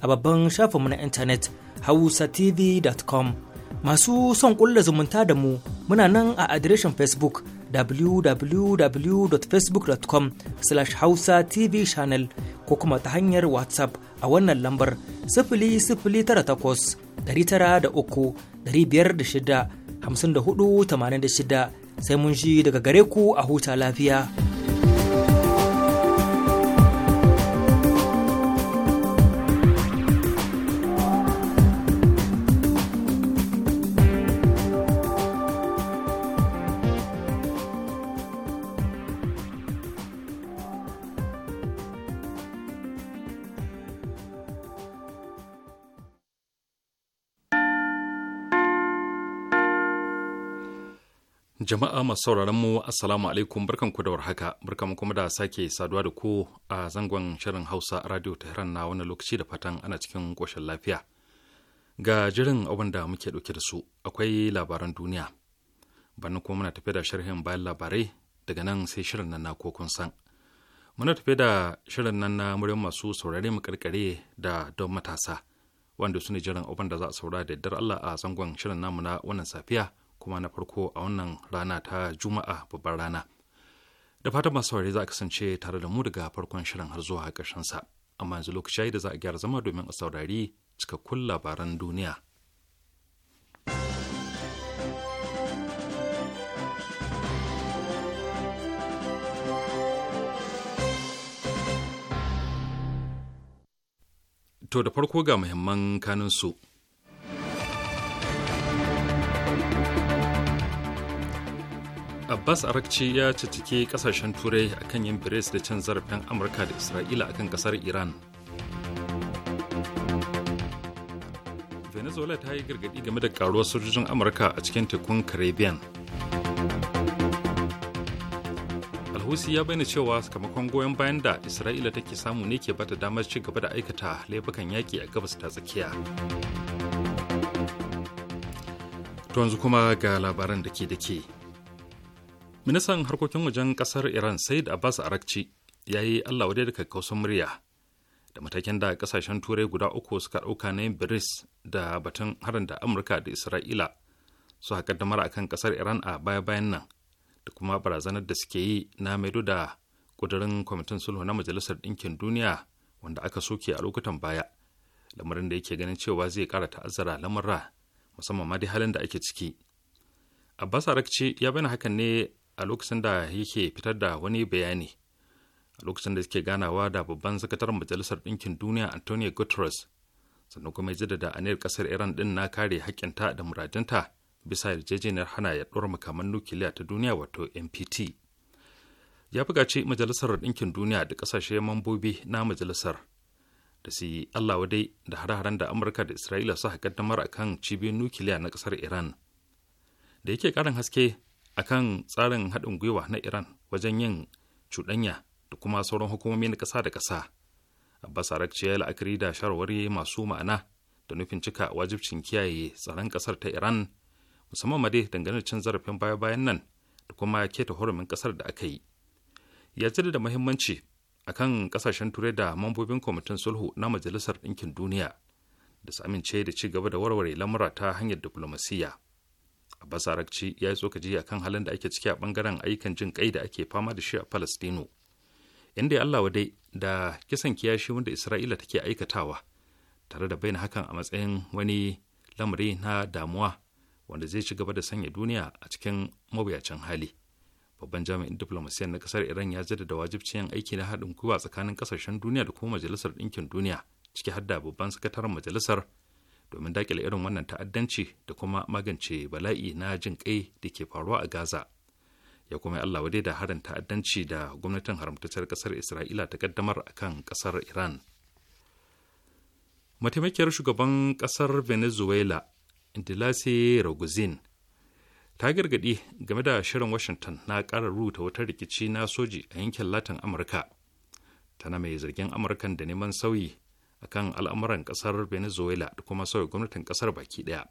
a babban shafin mu na intanet hausatv.com masu son kulla zumunta da mu muna nan a adireshin facebook www.facebook.com slash hausa tv channel ko kuma ta hanyar whatsapp a wannan lambar sifili sifili da tara uku biyar da shida hamsin da sai mun ji daga gare ku a huta lafiya. Jama'a masu sauraron mu Assalamu alaikum barkanku da warhaka barkanku kuma da sake saduwa da ku a zangon shirin Hausa Radio Tehran na wannan lokaci da fatan ana cikin koshin lafiya. Ga jirin abin da muke ɗauke da su akwai labaran duniya. Bannan kuma muna tafi da sharhin bayan labarai daga nan sai shirin nan na kun san. Muna tafi da shirin nan na muryar masu saurare mu karkare da don matasa wanda su ne jiran abin da za a saura da daddar Allah a zangon shirin namu na wannan safiya kuma na farko a wannan rana ta juma'a babbar rana da fatan masu saurari za a kasance tare da mu daga farkon shirin har zuwa ƙarshen sa amma yanzu lokaci da za a gyara zama domin a saurari cikakkun labaran duniya To da farko ga muhimman kanin su. abbas arakci ya cicike kasashen turai akan yin firis da cin zarafin amurka da isra'ila akan kasar iran venezuela ta yi gargadi game da karuwar sojojin amurka a cikin tekun caribbean alhusi ya bayyana cewa sakamakon goyon bayan da isra'ila take samu ne ke bata damar ci gaba da aikata laifukan yaƙi a gabas ta tsakiya to yanzu kuma ga labaran da ke da ke ministan harkokin wajen kasar iran said abbas arakci ya yi allah wadai da kakkausan murya da matakin da kasashen turai guda uku suka ɗauka na yin biris da batun harin da amurka da isra'ila su haka damar akan kasar iran a baya-bayan nan da kuma barazanar da suke yi na maido da ƙudurin kwamitin sulhu na majalisar ɗinkin duniya wanda aka soke a lokutan baya lamarin da yake ganin cewa zai kara ta'azzara lamurra musamman ma dai halin da ake ciki abbas arakci ya bayyana hakan ne a lokacin da yake fitar da wani bayani a lokacin da suke ganawa da babban sakataren majalisar ɗinkin duniya antonio guterres sannan kuma da aniyar ƙasar iran ɗin na kare haƙƙinta da muradinta bisa yarjejeniyar hana ya ɗora makaman nukiliya ta duniya wato npt ya buƙaci majalisar ɗinkin duniya da ƙasashe mambobi na majalisar da su yi allah wadai da hare-haren da amurka da isra'ila suka kaddamar kan cibiyar nukiliya na ƙasar iran da yake ƙarin haske a kan tsarin haɗin gwiwa na Iran wajen yin cuɗanya da kuma sauran hukumomi na ƙasa da ƙasa. Abbas Arakci ya la'akari da shawarwari masu ma'ana da nufin cika wajibcin kiyaye tsaron ƙasar ta Iran musamman ma dai dangane da cin zarafin baya-bayan nan da kuma keta hurumin ƙasar da aka yi. Ya da muhimmanci a kan ƙasashen turai da mambobin kwamitin sulhu na Majalisar Ɗinkin Duniya da su amince da ci gaba da warware lamura ta hanyar diflomasiyya. abbas ya yi tsokaci a kan halin da ake ciki a bangaren ayyukan jin kai da ake fama da shi a palestino inda ya allawa dai da kisan kiyashi wanda isra'ila take aikatawa tare da bayyana hakan a matsayin wani lamari na damuwa wanda zai ci gaba da sanya duniya a cikin mawuyacin hali babban jami'in diplomasiya na kasar iran ya jaddada wajibcin aiki na haɗin gwiwa tsakanin kasashen duniya da kuma majalisar ɗinkin duniya ciki har da babban sakataren majalisar domin dakile irin wannan ta'addanci da kuma magance bala'i na jin kai da ke faruwa a gaza ya kuma allah wadai da harin ta'addanci da gwamnatin haramtacciyar kasar isra'ila ta kaddamar a kan kasar iran mataimakiyar shugaban kasar venezuela dilase raguzin ta gargadi game da shirin washington na ƙara ruta wata rikici na soji a yankin latin amurka tana mai zargin amurkan da neman sauyi akan al'amuran kasar venezuela da kuma sauya gwamnatin kasar baki daya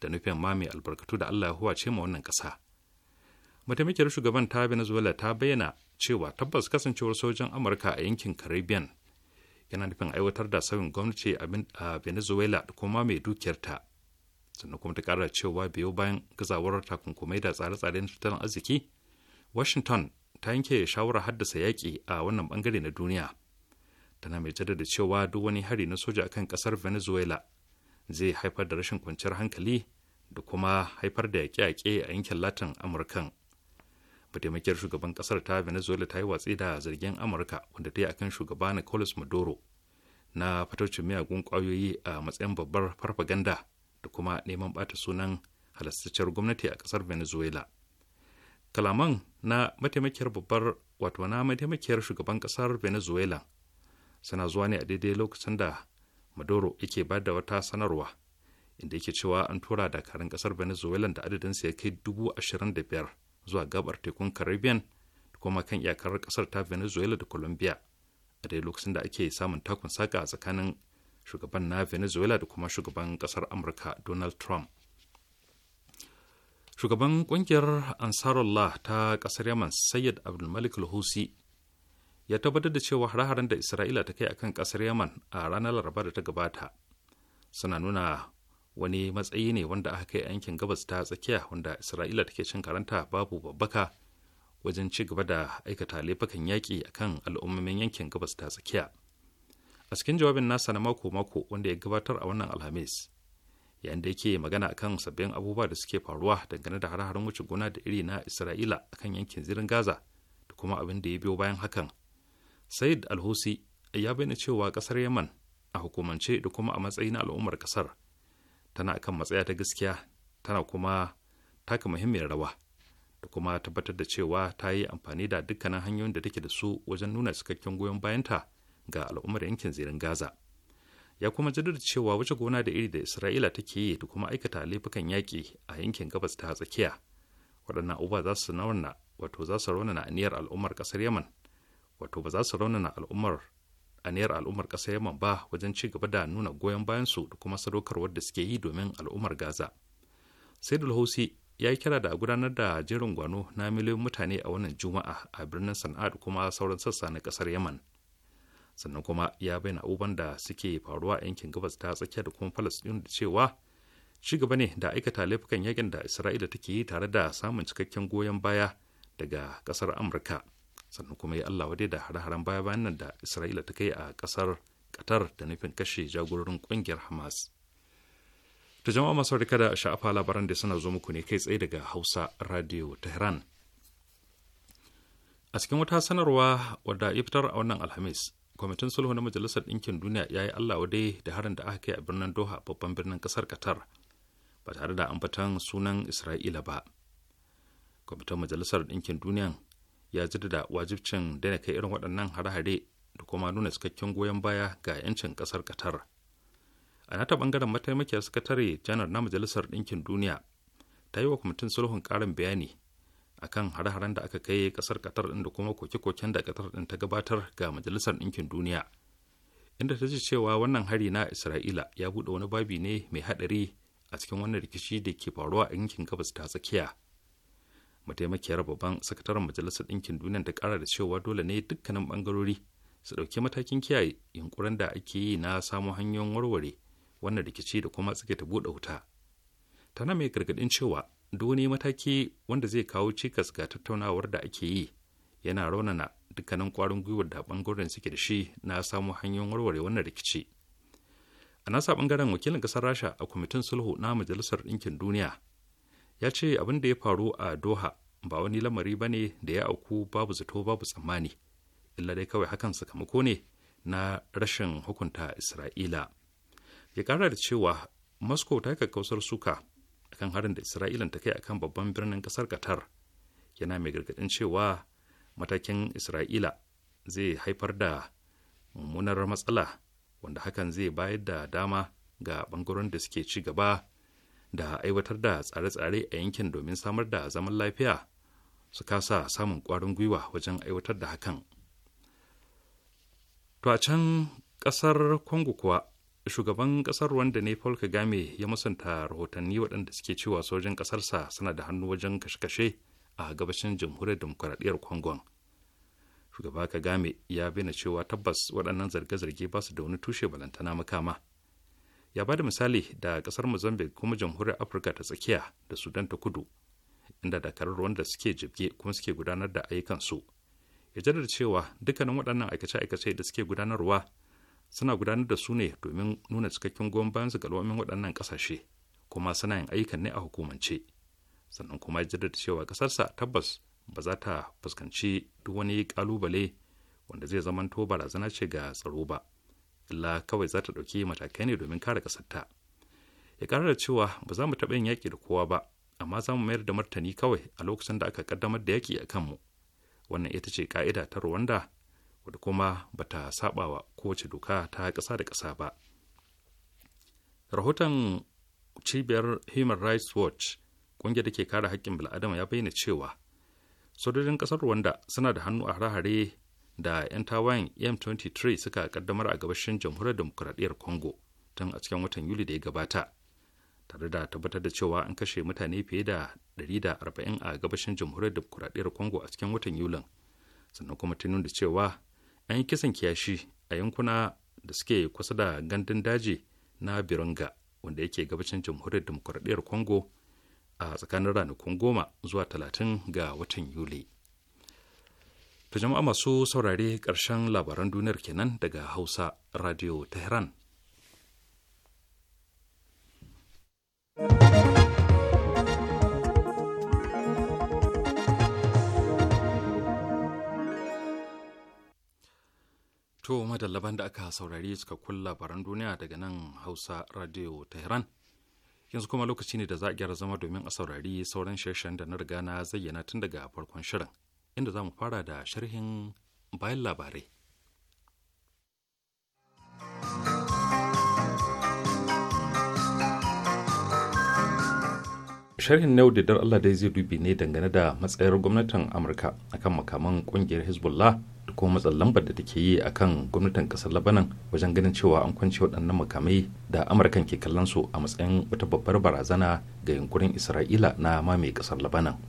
da nufin ma mai albarkatu da allah huwa ce ma wannan kasa mataimakiyar shugaban ta venezuela ta bayyana cewa tabbas kasancewar sojan amurka a yankin caribbean yana nufin aiwatar da sauyin gwamnati a venezuela da kuma mai dukiyarta sannan kuma ta kara cewa biyo bayan gazawar takunkumai da tsare tsare na tattalin arziki washington ta yanke shawarar haddasa yaƙi a wannan bangare na duniya tana mai jaddada cewa duk wani hari na soja akan kasar venezuela zai haifar da rashin kwanciyar hankali da kuma haifar da yaƙe-yaƙe a yankin latin amurkan mataimakiyar shugaban kasar ta venezuela ta yi watsi da zargin amurka wanda ta yi akan shugaba nicolas maduro na fataucin miyagun kwayoyi a matsayin babbar farfaganda da kuma neman bata sunan halastacciyar gwamnati a kasar venezuela kalaman na mataimakiyar babbar wato na mataimakiyar shugaban kasar venezuela suna zuwa ne a daidai lokacin da maduro yake ba da wata sanarwa inda yake cewa an tura dakarun kasar venezuela da adadinsa ya kai dubu ashirin da biyar zuwa gabar tekun caribbean da kuma kan iyakar kasar ta venezuela da colombia a daidai lokacin da ake samun takun saka tsakanin shugaban na venezuela da kuma shugaban kasar amurka donald trump shugaban kungiyar ansarullah ta kasar yaman sayyid abdulmalik al ya tabbatar da cewa hare-haren da isra'ila ta kai akan kasar yaman a ranar laraba da ta gabata suna nuna wani matsayi ne wanda aka kai yankin gabas ta tsakiya wanda isra'ila take cin karanta babu babbaka wajen ci gaba da aikata laifukan yaƙi akan al'ummomin yankin gabas ta tsakiya a cikin jawabin nasa na mako-mako wanda ya gabatar a wannan alhamis yayin da yake magana akan sabbin abubuwa da suke faruwa dangane da hare-haren wuce gona da iri na isra'ila akan yankin zirin gaza da kuma abin da ya biyo bayan hakan said alhusi ya bayyana cewa kasar yaman a hukumance da kuma a matsayin al'ummar kasar tana kan matsaya ta gaskiya tana kuma taka muhimmiyar rawa da kuma tabbatar da cewa ta yi amfani da dukkanin hanyoyin da take da su wajen nuna cikakken goyon bayanta ga al'ummar yankin zirin gaza ya kuma jaddada cewa wace gona da iri da isra'ila take yi da kuma aikata laifukan yaƙi a yankin gabas ta tsakiya waɗannan uba za su nauna wato za su raunana aniyar al'ummar ƙasar yaman wato ba za su raunana al'ummar aniyar al'ummar ƙasa yaman ba wajen ci gaba da nuna goyon bayansu da kuma sadaukarwar da suke yi domin al'ummar gaza sai hausi ya yi kira da gudanar da jerin gwano na miliyoyin mutane a wannan juma'a a birnin sana'a da kuma sauran sassa na ƙasar yaman sannan kuma ya bayyana abubuwan da suke faruwa a yankin gabas ta tsakiya da kuma falasɗin da cewa ci gaba ne da aikata laifukan yakin da isra'ila take yi tare da samun cikakken goyon baya daga ƙasar amurka sannan kuma ya allah wadai da hare-haren baya bayan nan da isra'ila ta kai a kasar qatar da nufin kashe jagororin kungiyar hamas ta jama'a masu rika da sha'afa labaran da suna zo muku ne kai tsaye daga hausa radio tehran a cikin wata sanarwa wadda ya fitar a wannan alhamis kwamitin sulhu na majalisar ɗinkin duniya ya yi allah wadai da harin da aka kai a birnin doha babban birnin kasar qatar ba tare da ambatan sunan isra'ila ba kwamitin majalisar ɗinkin duniya ya jaddada wajibcin daina kai irin waɗannan hare-hare da kuma nuna cikakken goyon baya ga 'yancin ƙasar qatar a nata bangaren mataimakiyar sakatare janar na majalisar ɗinkin duniya ta yi wa kwamitin sulhun ƙarin bayani a kan hare-haren da aka kai ƙasar qatar ɗin da kuma koke-koken da qatar ɗin ta gabatar ga majalisar ɗinkin duniya inda ta ce cewa wannan hari na isra'ila ya buɗe wani babi ne mai haɗari a cikin wannan rikici da ke faruwa a yankin gabas ta tsakiya mataimakiyar babban sakataren majalisar ɗinkin duniya ta ƙara da cewa dole ne dukkanin ɓangarori su ɗauki matakin kiyaye yunkurin da ake yi na samo hanyoyin warware wannan rikici da kuma tsike ta buɗe wuta tana mai gargaɗin cewa duk mataki wanda zai kawo cikas ga tattaunawar da ake yi yana raunana dukkanin ƙwarin gwiwar da bangaren suke da shi na samun hanyoyin warware wannan rikici a nasa bangaren wakilin ƙasar rasha a kwamitin sulhu na majalisar ɗinkin duniya ya ce abin da ya faru a doha ba wani lamari ba ne da ya auku babu zato babu tsammani illa dai kawai hakan sakamako ne na rashin hukunta isra'ila ya kara da cewa moscow ta kakkausar suka akan harin da isra'ilan ta kai akan babban birnin kasar qatar yana mai gargadin cewa matakin isra'ila zai haifar da mummunar matsala wanda hakan zai bayar da dama ga bangaren da suke ci gaba da aiwatar da tsare-tsare a yankin domin samar da zaman lafiya su kasa samun ƙwarin gwiwa wajen aiwatar da hakan. To a can ƙasar Congo kuwa shugaban ƙasar Rwanda ne Paul Kagame ya musanta rahotanni waɗanda suke cewa sojin ƙasarsa suna da hannu wajen kashe-kashe a gabashin jamhuriyar demokuraɗiyar kwangon Shugaba Kagame ya bina cewa tabbas waɗannan zarge-zarge ba su da wani tushe balantana makama. ya ba da misali da kasar mozambique kuma jamhuriyar afirka ta tsakiya da sudan ta kudu inda dakarar wanda suke jibge kuma suke gudanar da ayyukansu ya jaddada cewa dukkanin waɗannan aikace-aikace da suke gudanarwa suna gudanar da su ne domin nuna cikakken goyon bayan su galwamin waɗannan ƙasashe kuma suna yin ayyukan ne a hukumance sannan kuma ya jaddada cewa ƙasarsa tabbas ba za ta fuskanci duk wani ƙalubale wanda zai zamanto barazana ce ga tsaro ba illa kawai za ta ɗauki matakai ne domin kare ƙasarta ya ƙara da cewa ba za mu taɓa yin yaƙi da kowa ba amma za mu mayar da martani kawai a lokacin da aka ƙaddamar da yaƙi a kanmu wannan ita ce ƙa'ida ta rwanda wadda kuma ba ta saɓa wa kowace doka ta ƙasa da ƙasa ba rahoton cibiyar human rights watch ƙungiyar da ke kare haƙƙin bil'adama ya bayyana cewa sojojin ƙasar rwanda suna da hannu a hare-hare da 'yan tawayen m23 suka kaddamar a gabashin jamhuriyar demokuraɗiyyar congo tun a cikin watan yuli da ya gabata tare da tabbatar da cewa an kashe mutane fiye da 140 a gabashin jamhuriyar demokuraɗiyyar congo a cikin watan yulin sannan kuma ta nuna cewa an yi kisan kiyashi a yankuna da suke kusa da gandun daji na birunga wanda yake gabashin jamhuriyar demokuraɗiyyar congo a tsakanin ranakun goma zuwa talatin ga watan yuli To jama'a masu saurare ƙarshen labaran duniyar kenan daga Hausa Radio Tehran. To madallaban da aka saurari suka labaran duniya daga nan Hausa Radio Tehran. Yanzu kuma lokaci ne da za a gyara zama domin a saurari sauran shirshen da na riga na zayyana tun daga farkon shirin. inda za mu fara da sharhin bayan labarai. sharhin na da Allah dai zai dubi ne dangane da matsayar gwamnatin amurka akan makaman kungiyar hezbollah da kuma matsan lambar da take yi akan gwamnatin kasar labanan wajen ganin cewa an kwance waɗannan makamai da amurkan ke kallon su a matsayin wata babbar barazana ga yunkurin isra'ila na mamaye kasar labanan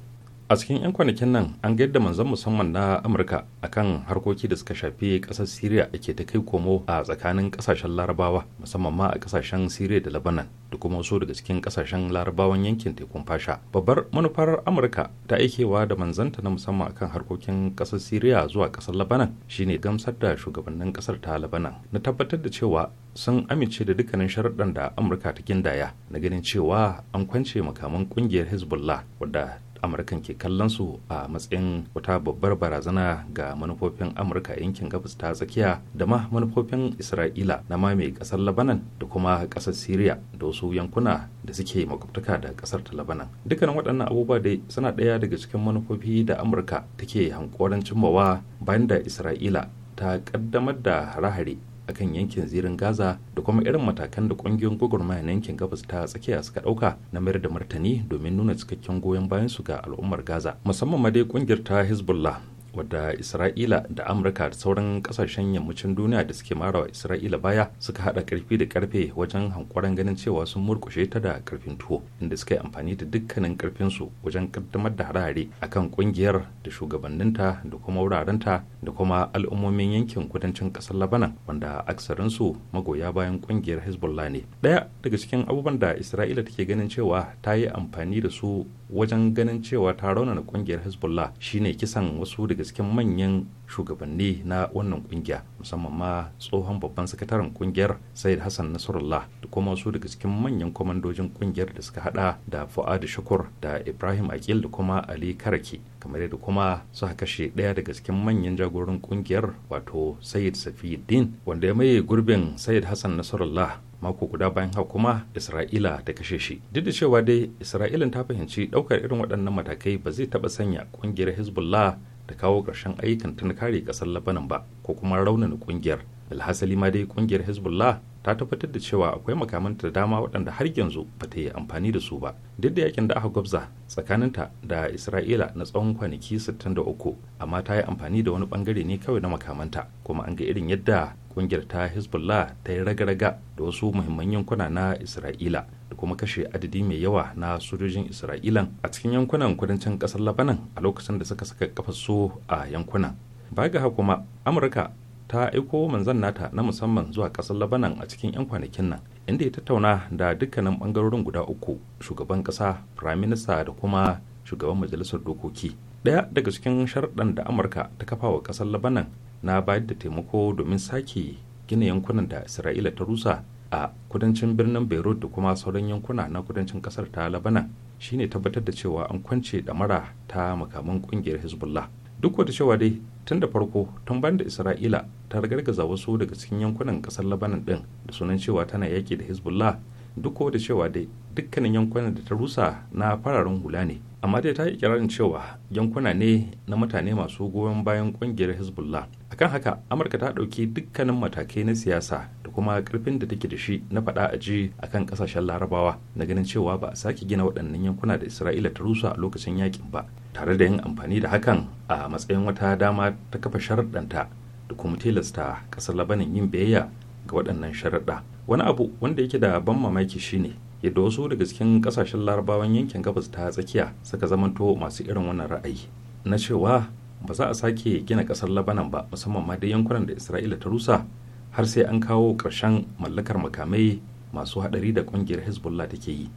a cikin 'yan kwanakin nan an ga gaida manzan musamman na amurka akan harkoki da suka shafi kasar syria ake ta kai komo a tsakanin kasashen larabawa musamman ma a kasashen syria da labanan da kuma wasu daga cikin kasashen larabawan yankin tekun fasha babbar manufar amurka ta aikewa da manzanta na musamman akan harkokin kasar syria zuwa kasar labanan shine gamsar da shugabannin kasar ta labanan na tabbatar da cewa sun amince da dukkanin sharaɗan da amurka ta gindaya na ganin cewa an kwance makaman kungiyar hezbollah wadda amurka ke kallon su a matsayin wata babbar barazana ga manufofin amurka yankin gabas ta tsakiya da ma manufofin isra'ila na mamaye kasar labanan da kuma kasar syria da wasu yankuna da suke makwabtaka da kasar ta labanan dukkanin waɗannan abubuwa dai suna ɗaya daga cikin manufofi da amurka take hankoran cimmawa bayan da isra'ila ta kaddamar da hare-hare akan yankin zirin gaza da kuma irin matakan da kungiyoyin gwagwarmaya na yankin gabas ta tsakiya suka dauka na mayar da martani domin nuna cikakken goyon bayan su ga al'ummar gaza musamman ma dai kungiyar ta hezbollah wadda isra'ila da amurka da sauran kasashen yammacin duniya da suke marawa isra'ila baya suka hada karfi da karfe wajen hankwaran ganin cewa sun murkushe ta da karfin tuwo inda suka yi amfani da dukkanin karfinsu wajen kaddamar da harare kan kungiyar da shugabanninta da kuma wurarenta da kuma al'ummomin yankin kudancin kasar labanan wanda aksarinsu magoya bayan kungiyar hezbollah ne ɗaya daga cikin abubuwan da isra'ila take ganin cewa ta yi amfani da su wajen ganin cewa ta raunana kungiyar hezbollah shine kisan wasu daga cikin manyan shugabanni na wannan kungiya musamman ma tsohon babban sakataren kungiyar sayid hassan nasarallah da kuma wasu daga cikin manyan kwamandojin kungiyar da suka hada da fuad shakur da ibrahim akil da kuma ali karaki kamar yadda kuma suka kashe ɗaya daga cikin manyan jagoran kungiyar wato sayid safiuddin wanda ya maye gurbin sayid hassan nasrullah mako guda bayan haka kuma isra'ila ta kashe shi duk da cewa dai isra'ilan ta fahimci daukar irin waɗannan matakai ba zai taɓa sanya ƙungiyar hezbollah ta kawo ƙarshen ayyukan ta kare ƙasar labanan ba ko kuma raunin ƙungiyar alhasali ma dai ƙungiyar hezbollah ta tabbatar da cewa akwai makamanta da dama waɗanda har yanzu ba ta yi amfani da su ba duk da yakin da aka gwabza tsakaninta da isra'ila na tsawon kwanaki 63 amma ta yi amfani da wani bangare ne kawai na makamanta kuma an ga irin yadda kungiyar ta hezbollah ta yi ragaraga da wasu muhimman yankuna na isra'ila da kuma kashe adadi mai yawa na sojojin isra'ilan a cikin yankunan kudancin kasar labanan a lokacin da suka saka kafasu a yankunan baya ga kuma amurka ta aiko manzan nata na musamman zuwa kasar labanan a cikin 'yan kwanakin nan inda ya tattauna da dukkanin bangarorin guda uku shugaban kasa firaminista da kuma shugaban majalisar dokoki daya daga cikin sharɗan da amurka ta kafa wa kasar labanan na bayar da taimako domin sake gina yankunan da isra'ila ta rusa a kudancin birnin beirut da kuma sauran yankuna na kudancin kasar ta labanan shine tabbatar da cewa an kwance da mara ta makaman kungiyar hezbollah duk wata cewa dai tun da farko tun bayan da isra'ila ta ragargaza wasu daga cikin yankunan kasar labanan din da sunan cewa tana yaki da hezbollah duk da cewa dai dukkanin yankunan da ta rusa na fararen hula ne amma dai ta yi kirarin cewa yankuna ne na mutane masu goyon bayan kungiyar hezbollah akan haka amurka ta ɗauki dukkanin matakai na siyasa da kuma karfin da take da shi na faɗa a ji akan kasashen larabawa na ganin cewa ba a sake gina waɗannan yankuna da isra'ila ta rusa a lokacin yakin ba tare da yin amfani da hakan a matsayin wata dama ta kafa sharaɗanta da kuma tilasta ƙasar labanin yin biyayya ga waɗannan sharaɗa wani abu wanda yake da ban mamaki shine yadda wasu daga cikin kasashen larabawan yankin gabas ta tsakiya suka zamanto masu irin wannan ra'ayi na cewa ba za a sake gina kasar labanan ba musamman ma da yankunan da isra'ila ta rusa har sai an kawo ƙarshen mallakar makamai masu hadari da kungiyar hezbollah take yi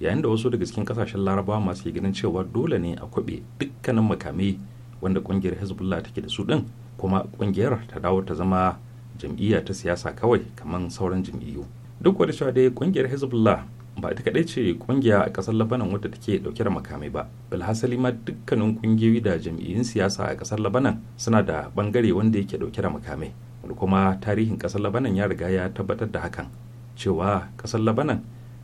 yayin da wasu daga cikin kasashen larabawa masu ganin cewa dole ne a kwabe dukkanin makamai wanda kungiyar hezbollah take da su din kuma kungiyar ta dawo ta zama jam'iyya ta siyasa kawai kamar sauran jam'iyyu duk da cewa dai kungiyar hezbollah ba ita kadai ce kungiya a ƙasar labanan wadda take dauke da makamai ba bilhassali ma dukkanin kungiyoyi da jam'iyyun siyasa a ƙasar labanan suna da bangare wanda yake dauke da makamai wanda kuma tarihin ƙasar labanan ya riga ya tabbatar da hakan cewa ƙasar labanan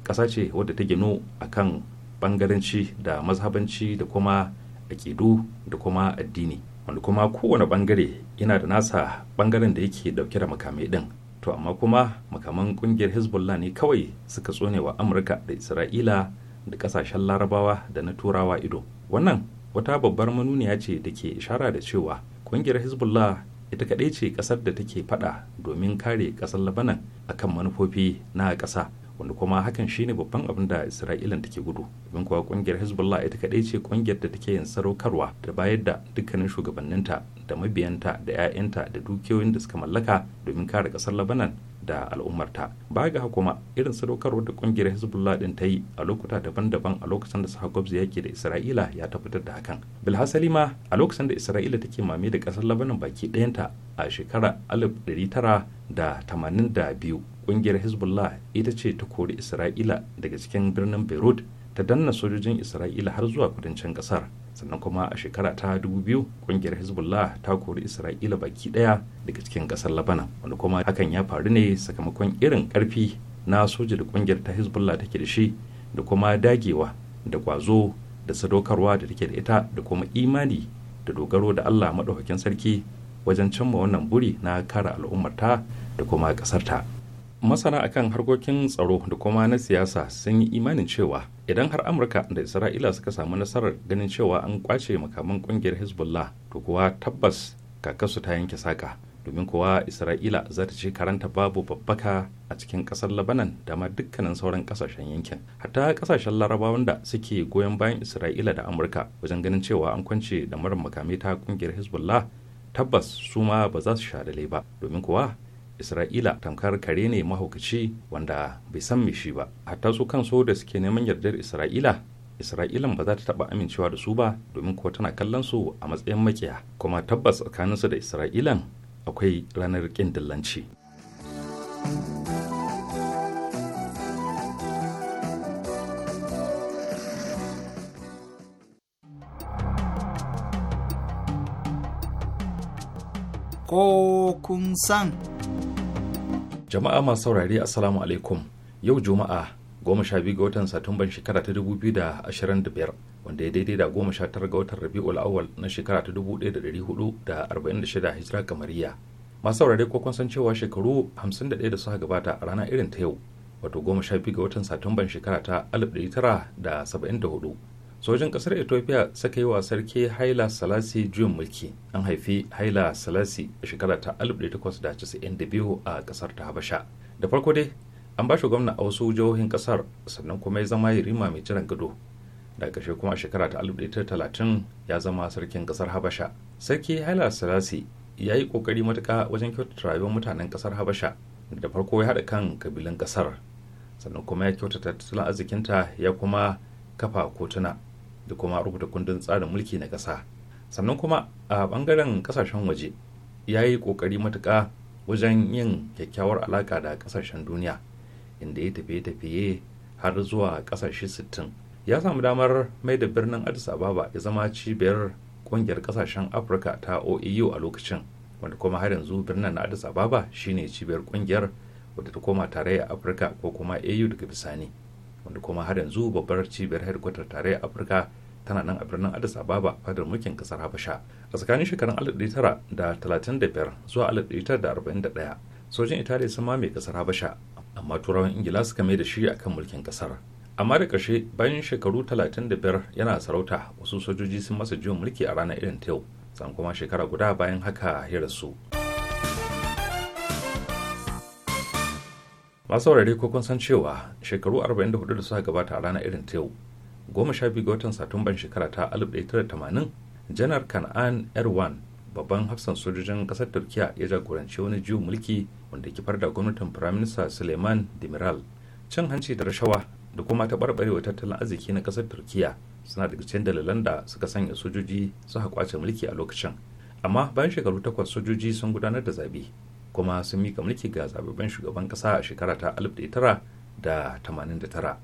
ƙasa ce wadda ta ginu kan bangaranci da mazhabanci da kuma aƙidu da kuma addini wanda kuma kowane bangare yana da nasa bangaren da yake dauke da makamai din to amma kuma makaman kungiyar hezbollah ne kawai suka tsone wa amurka da isra'ila da kasashen larabawa da na turawa ido wannan wata babbar manuniya ce da ke ishara da cewa kungiyar hezbollah ita kaɗai ce ƙasar da take faɗa domin kare ƙasar labanan akan manufofi na ƙasa wanda kuma hakan shine babban abin da isra'ilan take gudu abin kuwa kungiyar hezbollah ita kadai ce kungiyar da take yin sadaukarwa da bayar da dukkanin shugabanninta da mabiyanta da 'ya'yanta da dukiyoyin da suka mallaka domin kare kasar labanan da al'ummarta ba ga kuma irin sadaukarwar da kungiyar hezbollah din ta yi a lokuta daban-daban a lokacin da suka yaki da isra'ila ya tabbatar da hakan bilhassali ma a lokacin da isra'ila take mame da kasar labanan baki ɗayanta a shekara 1982 ƙungiyar hezbollah ita ce ta kori isra'ila daga cikin birnin beirut ta danna sojojin isra'ila har zuwa kudancin kasar sannan kuma a shekara ta dubu biyu ƙungiyar hezbollah ta kori isra'ila baki ɗaya daga cikin kasar labanan wani kuma hakan ya faru ne sakamakon irin karfi na soja da kungiyar ta hezbollah take da shi da kuma dagewa da kwazo da sadaukarwa da take da ita da kuma imani da dogaro da allah maɗaukakin sarki wajen cimma wannan buri na kara al'ummarta da kuma ƙasarta. masana akan harkokin tsaro da kuma na siyasa sun yi imanin cewa idan har amurka da isra'ila suka samu nasarar ganin cewa an kwace makaman kungiyar hezbollah to kuwa tabbas kakasu ta yanke saka domin kuwa isra'ila za ta ci karanta babu babbaka a cikin kasar labanan da ma dukkanin sauran kasashen yankin hatta kasashen larabawan da suke goyon bayan isra'ila da amurka wajen ganin cewa an kwance da marar makamai ta kungiyar hezbollah tabbas su ma ba za su sha ba domin kuwa isra'ila tamkar kare ne mahaukaci wanda bai san me shi ba hatta su da suke neman yardar isra'ila isra'ilan ba za ta taba amincewa da su ba domin kuwa tana kallon su a matsayin makiya kuma tabbas tsakaninsu da isra'ilan akwai ranar kin dillanci ko kun san jama'a masu saurari assalamu alaikum yau juma'a goma sha biyu ga watan satumban shekara ta dubu biyu da ashirin da biyar wanda ya daidai da goma sha tara ga watan rabi'ul awal na shekara ta dubu ɗaya da ɗari hudu da arba'in da shida hijira kamariya masu saurari ko kun san cewa shekaru hamsin da ɗaya da suka gabata a rana irin ta yau wato goma sha biyu ga watan satumban shekara ta alif ɗari tara da saba'in da hudu sojin kasar ethiopia suka yi wa sarki haila salasi juyin mulki an haifi haila salasi a shekara ta 1892 a kasar ta habasha da farko dai an ba shi gwamna a wasu jihohin kasar sannan kuma ya zama rima mai jiran gado da ƙarshe kuma a shekara ta 1930 ya zama sarkin kasar habasha sarki haila salasi ya yi ƙoƙari matuƙa wajen kyautata rayuwar mutanen kasar habasha da farko ya haɗa kan kabilan kasar sannan kuma ya kyautata tattalin arzikinta ya kuma kafa kotuna da kuma rubuta kundin tsarin mulki na ƙasa sannan kuma a bangaren kasashen waje ya yi ƙoƙari matuka wajen yin kyakkyawar alaƙa da kasashen duniya inda ya tafiye-tafiye har zuwa ƙasashe 60 ya samu damar mai da birnin addis ababa ya zama cibiyar ƙungiyar ƙasashen afirka ta oeu a lokacin wanda kuma har yanzu birnin na addis ababa shine cibiyar ƙungiyar wadda ta koma tarayyar afirka ko kuma au e daga bisani wanda kuma har yanzu babbar cibiyar hedikwatar tarayyar afirka tana nan a birnin addis ababa fadar mulkin kasar habasha a tsakanin shekarun 1935 zuwa 1941 sojin italiya sun mame kasar habasha amma turawan ingila suka mai da shi akan mulkin kasar amma da ƙarshe bayan shekaru 35 yana sarauta wasu sojoji sun masa jiwon mulki a ranar irin ta yau kuma shekara guda bayan haka ya rasu masu saurare ko kun san cewa shekaru 44 da suka gabata a ranar irin ta yau goma sha biyu ga watan satumban shekara ta 1980 janar kan'an erwan babban hafsan sojojin kasar turkiya ya jagoranci wani juyin mulki wanda kifar da gwamnatin firaminista suleiman demiral cin hanci da rashawa da kuma ta barbarewa tattalin arziki na kasar turkiya suna daga cikin dalilan da suka sanya sojoji su kwace mulki a lokacin amma bayan shekaru takwas sojoji sun gudanar da zaɓe kuma sun mika mulki ga zababben shugaban ƙasa a shekara ta 1989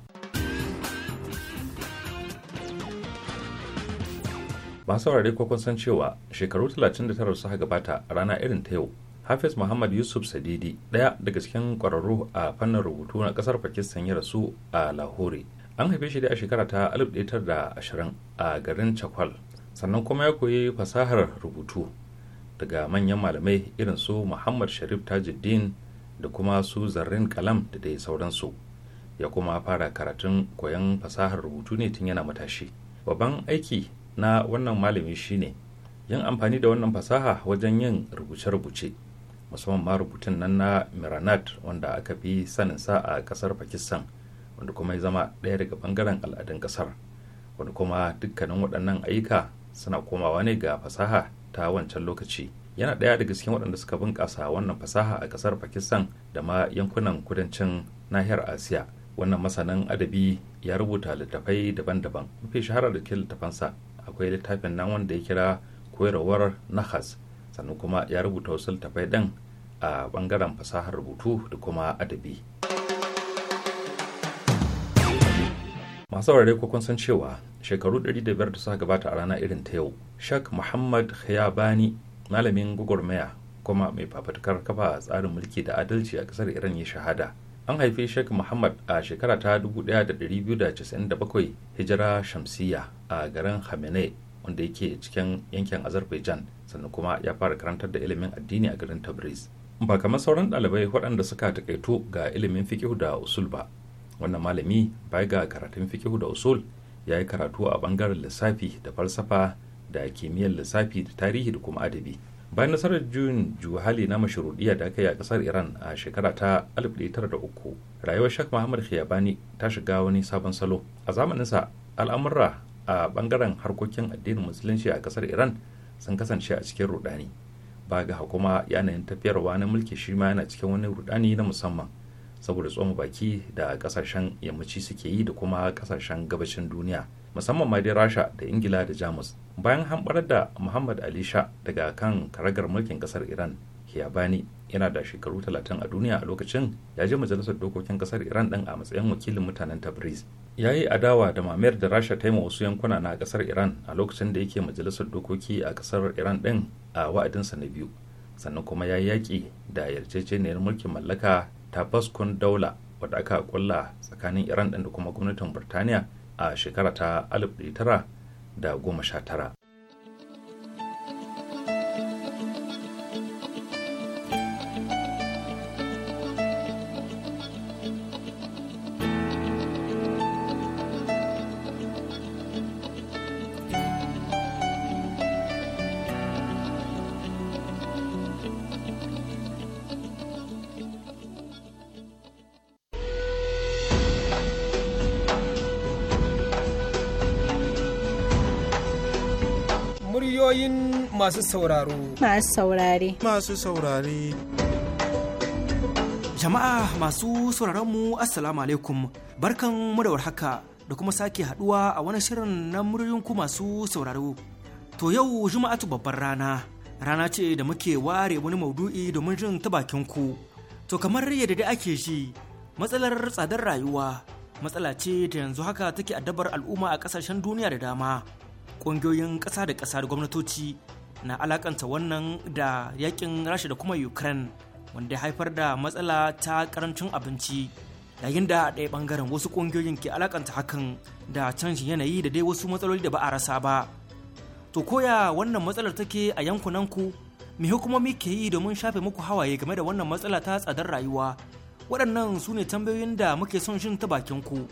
masu saurare ko kun san cewa shekaru 39 suka gabata a rana irin ta yau hafiz muhammad yusuf sadidi daya daga cikin ƙwararru a fannin rubutu na kasar pakistan ya rasu a lahore an haife shi da a shekara ta 1920 a garin chakwal sannan kuma ya koyi fasahar rubutu daga manyan malamai irin su muhammad sharif tajuddin da kuma su zarrin kalam da dai sauransu ya kuma fara karatun koyon fasahar rubutu ne tun yana matashi babban aiki na wannan malami shine yin amfani da wannan fasaha wajen yin rubuce-rubuce musamman ma rubutun nan na miranat wanda aka fi sanin sa a kasar pakistan wanda kuma ya zama ɗaya daga bangaren al'adun kasar wanda kuma dukkanin waɗannan ayyuka suna komawa ne ga fasaha ta wancan lokaci yana ɗaya daga cikin waɗanda suka bunƙasa wannan fasaha a kasar pakistan da ma yankunan kudancin nahiyar asiya wannan masanin adabi ya rubuta littattafai daban-daban mafi shahara da ke littafansa akwai littafin nan wanda ya kira koyarwar nahas sannan kuma ya rubuta wasu littafai ɗin a ɓangaren fasahar rubutu da kuma adabi masu saurare ko kun san cewa shekaru ɗari da suka gabata a rana irin ta yau shak muhammad khiyabani malamin gwagwarmaya kuma mai fafatukar kafa tsarin mulki da adalci a kasar iran ya shahada an haifi sheikh muhammad a shekara ta 1297 hijira shamsiyya a garin hamene wanda yake cikin yankin azerbaijan sannan kuma ya fara karantar da ilimin addini a garin tabriz ba kamar sauran ɗalibai waɗanda suka taƙaito ga ilimin fikihu da usul ba wannan malami baya ga karatun fikihu da usul ya yi karatu a ɓangaren lissafi da falsafa da kimiyyar lissafi da tarihi da kuma adabi bayan nasarar juyin juhali na mashruɗiya da aka yi a ƙasar iran a shekara ta 1903 rayuwar shak muhammad khiyabani ta shiga wani sabon salo a zamaninsa al'amurra a ɓangaren harkokin addinin musulunci a ƙasar iran sun kasance a cikin rudani ba ga kuma yanayin tafiyarwa na mulki shi ma yana cikin wani rudani na musamman saboda tsoma baki da kasashen yammaci suke yi da kuma kasashen gabashin duniya musamman ma dai rasha da ingila da jamus bayan hamɓarar da muhammad ali sha daga kan karagar mulkin kasar iran hiyabani yana da shekaru 30 a duniya a lokacin ya je majalisar dokokin kasar iran din a matsayin wakilin mutanen tabriz ya yi adawa da mamayar da rasha ta yi wasu yankuna na kasar iran a lokacin da yake majalisar dokoki a kasar iran din a wa'adinsa na biyu sannan kuma ya yi yaƙi da yarjejeniyar mulkin mallaka ta baskun daula wadda aka kulla tsakanin iran da kuma gwamnatin burtaniya a shekara ta 1919 Muryoyin masu sauraro. Masu saurare. Masu saurare. Jama'a masu sauraron mu Assalamu alaikum. Barkan mu da warhaka da kuma sake haduwa a wani shirin na muryoyin masu sauraro. To yau Juma'atu babbar rana. Rana ce da muke ware wani maudu'i domin jin ta bakin ku. To kamar yadda da ake shi matsalar tsadar rayuwa matsala ce da yanzu haka take addabar al'umma a ƙasashen duniya da dama. ƙungiyoyin ƙasa da ƙasa da gwamnatoci na alakanta wannan da yakin rasha da kuma ukraine wanda ya haifar da matsala ta karancin abinci yayin da ɗaya ɓangaren wasu ƙungiyoyin ke alakanta hakan da canjin yanayi da dai wasu matsaloli da ba a rasa ba to koya wannan matsalar take a yankunanku me hukumomi ke yi domin shafe muku hawaye game da wannan matsala ta tsadar rayuwa waɗannan su ne tambayoyin da muke son shin ta bakin ku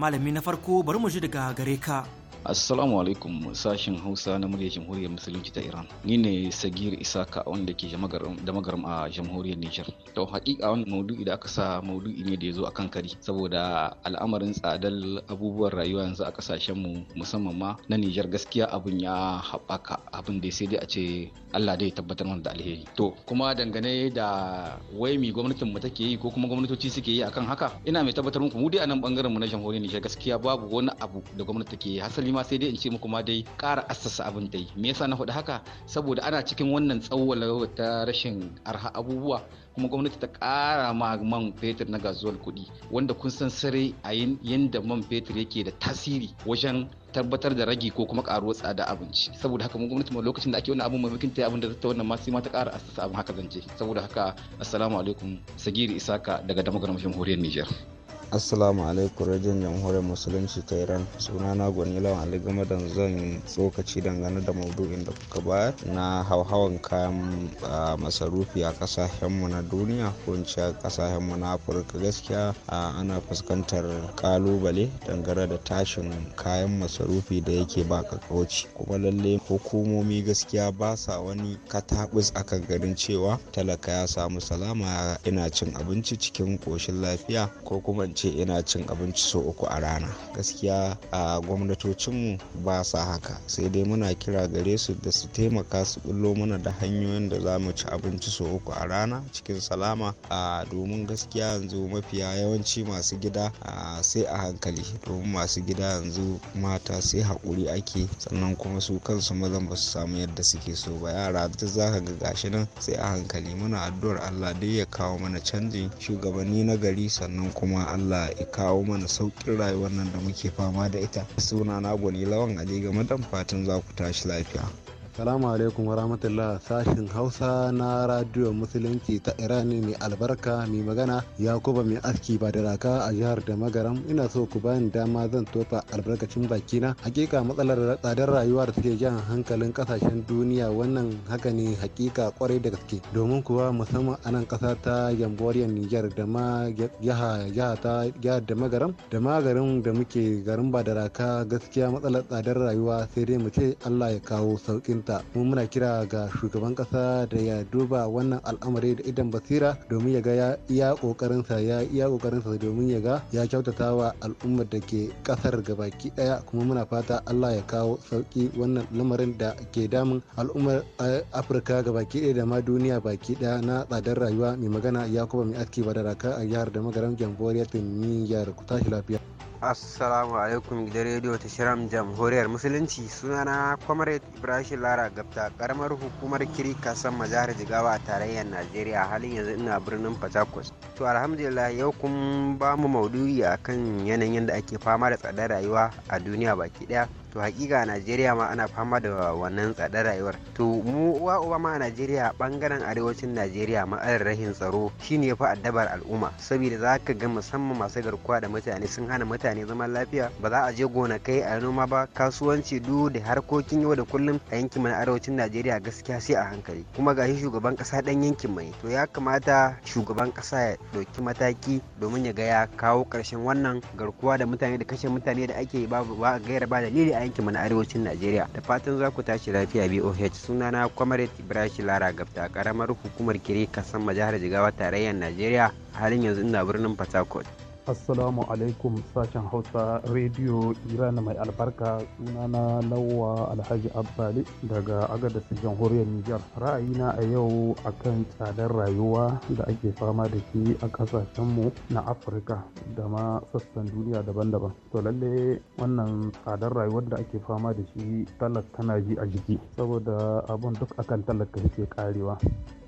malami na farko bari mu ji daga gare ka Assalamu alaikum sashen Hausa na murya Jamhuriyar Musulunci ta Iran. Ni ne Sagir Isaka wanda ke da magaram a Jamhuriyar Nijar. To hakika wani maudu'i da aka sa maudu'i ne da ya zo kan kari saboda al'amarin tsadar abubuwan rayuwa yanzu a kasashen mu musamman ma na Nijar gaskiya abun ya haɓaka abin da sai dai a ce Allah dai tabbatar mana da alheri. To kuma dangane da waimi gwamnatin mu take yi ko kuma gwamnatoci suke yi akan haka ina mai tabbatar muku mu dai a nan bangaren mu na Jamhuriyar Nijar gaskiya babu wani abu da gwamnati take yi ni ma sai dai in ce muku ma dai ƙara assasa abin dai me yasa na faɗi haka saboda ana cikin wannan tsawon ta rashin arha abubuwa kuma gwamnati ta ƙara ma man fetur na gazuwar kuɗi wanda kun san sare a yadda man fetur yake da tasiri wajen tabbatar da ragi ko kuma karuwar tsada abinci saboda haka mun gwamnati mu lokacin da ake wannan abun maimakon ta abin da ta wannan ma sai ma ta ƙara assasa abin haka zance saboda haka assalamu alaikum sagiri isaka daga mafi jamhuriyar Nijar. Assalamu alaikum rajin jamhuriyar musulunci ta Iran na gwani lawan game da zan tsokaci dangane da maudu'in da kuka bayar na hauhawan kayan masarufi a kasashenmu na duniya ko in ce a kasashenmu na Afirka gaskiya ana fuskantar kalubale dangane da tashin kayan masarufi da yake ba kakauci kuma lalle hukumomi gaskiya ba sa wani katabus akan garin cewa talaka ya samu salama ina cin abinci cikin koshin lafiya ko kuma ce ina cin abinci so uku a rana gaskiya a gwamnatocinmu ba sa haka sai dai muna kira gare su da su taimaka su bullo mana da hanyoyin da za mu ci abinci so uku a rana cikin salama a domin gaskiya yanzu mafiya yawanci masu gida a sai a hankali domin masu gida yanzu mata sai hakuri ake sannan kuma su kansu mazan ba su samu yadda suke so ba yara duk zaka ga gashi nan sai a hankali muna addu'ar allah dai ya kawo mana canjin shugabanni na gari sannan kuma allah Allah ya kawo mana sauƙin rayuwar nan da muke fama da ita. sunana na gwani lawan Ali game da fatan za ku tashi lafiya. salamu alaikum wa sashin Hausa na radio Musulunci ta Iran mai albarka mai magana Yakuba mai aski ba da raka a jihar da magaram ina so ku bayan dama zan tofa albarkacin bakina hakika matsalar tsadar rayuwa da take jan hankalin kasashen duniya wannan haka ne hakika kwarai da gaske domin kuwa musamman a nan kasa ta jamboriyar Niger da ma jiha ta jihar da magaram da magarin da muke garin ba da raka gaskiya matsalar tsadar rayuwa sai dai mu ce Allah ya kawo saukin ta mu muna kira ga shugaban kasa da ya duba wannan al'amari da idan basira domin ya ga ya kokarin sa ya iya kokarin sa domin ya ga ya kyautata wa al'ummar da ke kasar gabaki daya kuma muna fata Allah ya kawo sauki wannan lamarin da ke damun al'ummar eh, Afirka gabaki daya da ma duniya baki daya na tsadar rayuwa mai magana Yakuba mai aski badaraka a jihar da magaran jamhuriyar Niger ku tashi lafiya. assalamu alaikum gidan rediyo ta shiram jamhuriyar musulunci sunana comrade ibrahim lara gabta karamar hukumar kiri kasan majahar jigawa a tarayyar najeriya halin yanzu ina birnin pachakos to alhamdulillah yau kun ba mu maudu'i akan yanayin da ake fama da tsadar rayuwa a duniya baki daya to hakika a najeriya ma ana fama da wannan tsadar rayuwar to mu uwa uba ma a najeriya bangaren arewacin najeriya ma'anar rahin tsaro shine yafi addabar al'umma saboda za ka ga musamman masu garkuwa da mutane sun hana mutane zaman lafiya ba za a je gonakai a noma ba kasuwanci du da harkokin yau da kullum a yankin mai arewacin najeriya gaskiya sai a hankali kuma ga shi shugaban kasa dan yankin mai to ya kamata shugaban kasa ya dauki mataki domin ya ga ya kawo karshen wannan garkuwa da mutane da kashe mutane da ake ba gaira ba dalili a yankin mu na arewacin Najeriya. Da fatan za ku tashi lafiya BOH sunana Comrade Ibrahim Lara Gafta karamar hukumar Kire Kasan Jihar Jigawa tarayyar Najeriya. Halin yanzu ina birnin Port Harcourt. assalamu alaikum sashen hausa rediyo iran mai albarka sunana lawa alhaji abbali daga agadis jamhuriyar nijar ra'ayina a yau akan tsadar rayuwa da ake fama da shi a kasashenmu na afirka da ma sassan duniya daban-daban to lalle wannan tsadar rayuwar da ake fama da shi talat tana ji a jiki saboda abun duk akan talaka yake karewa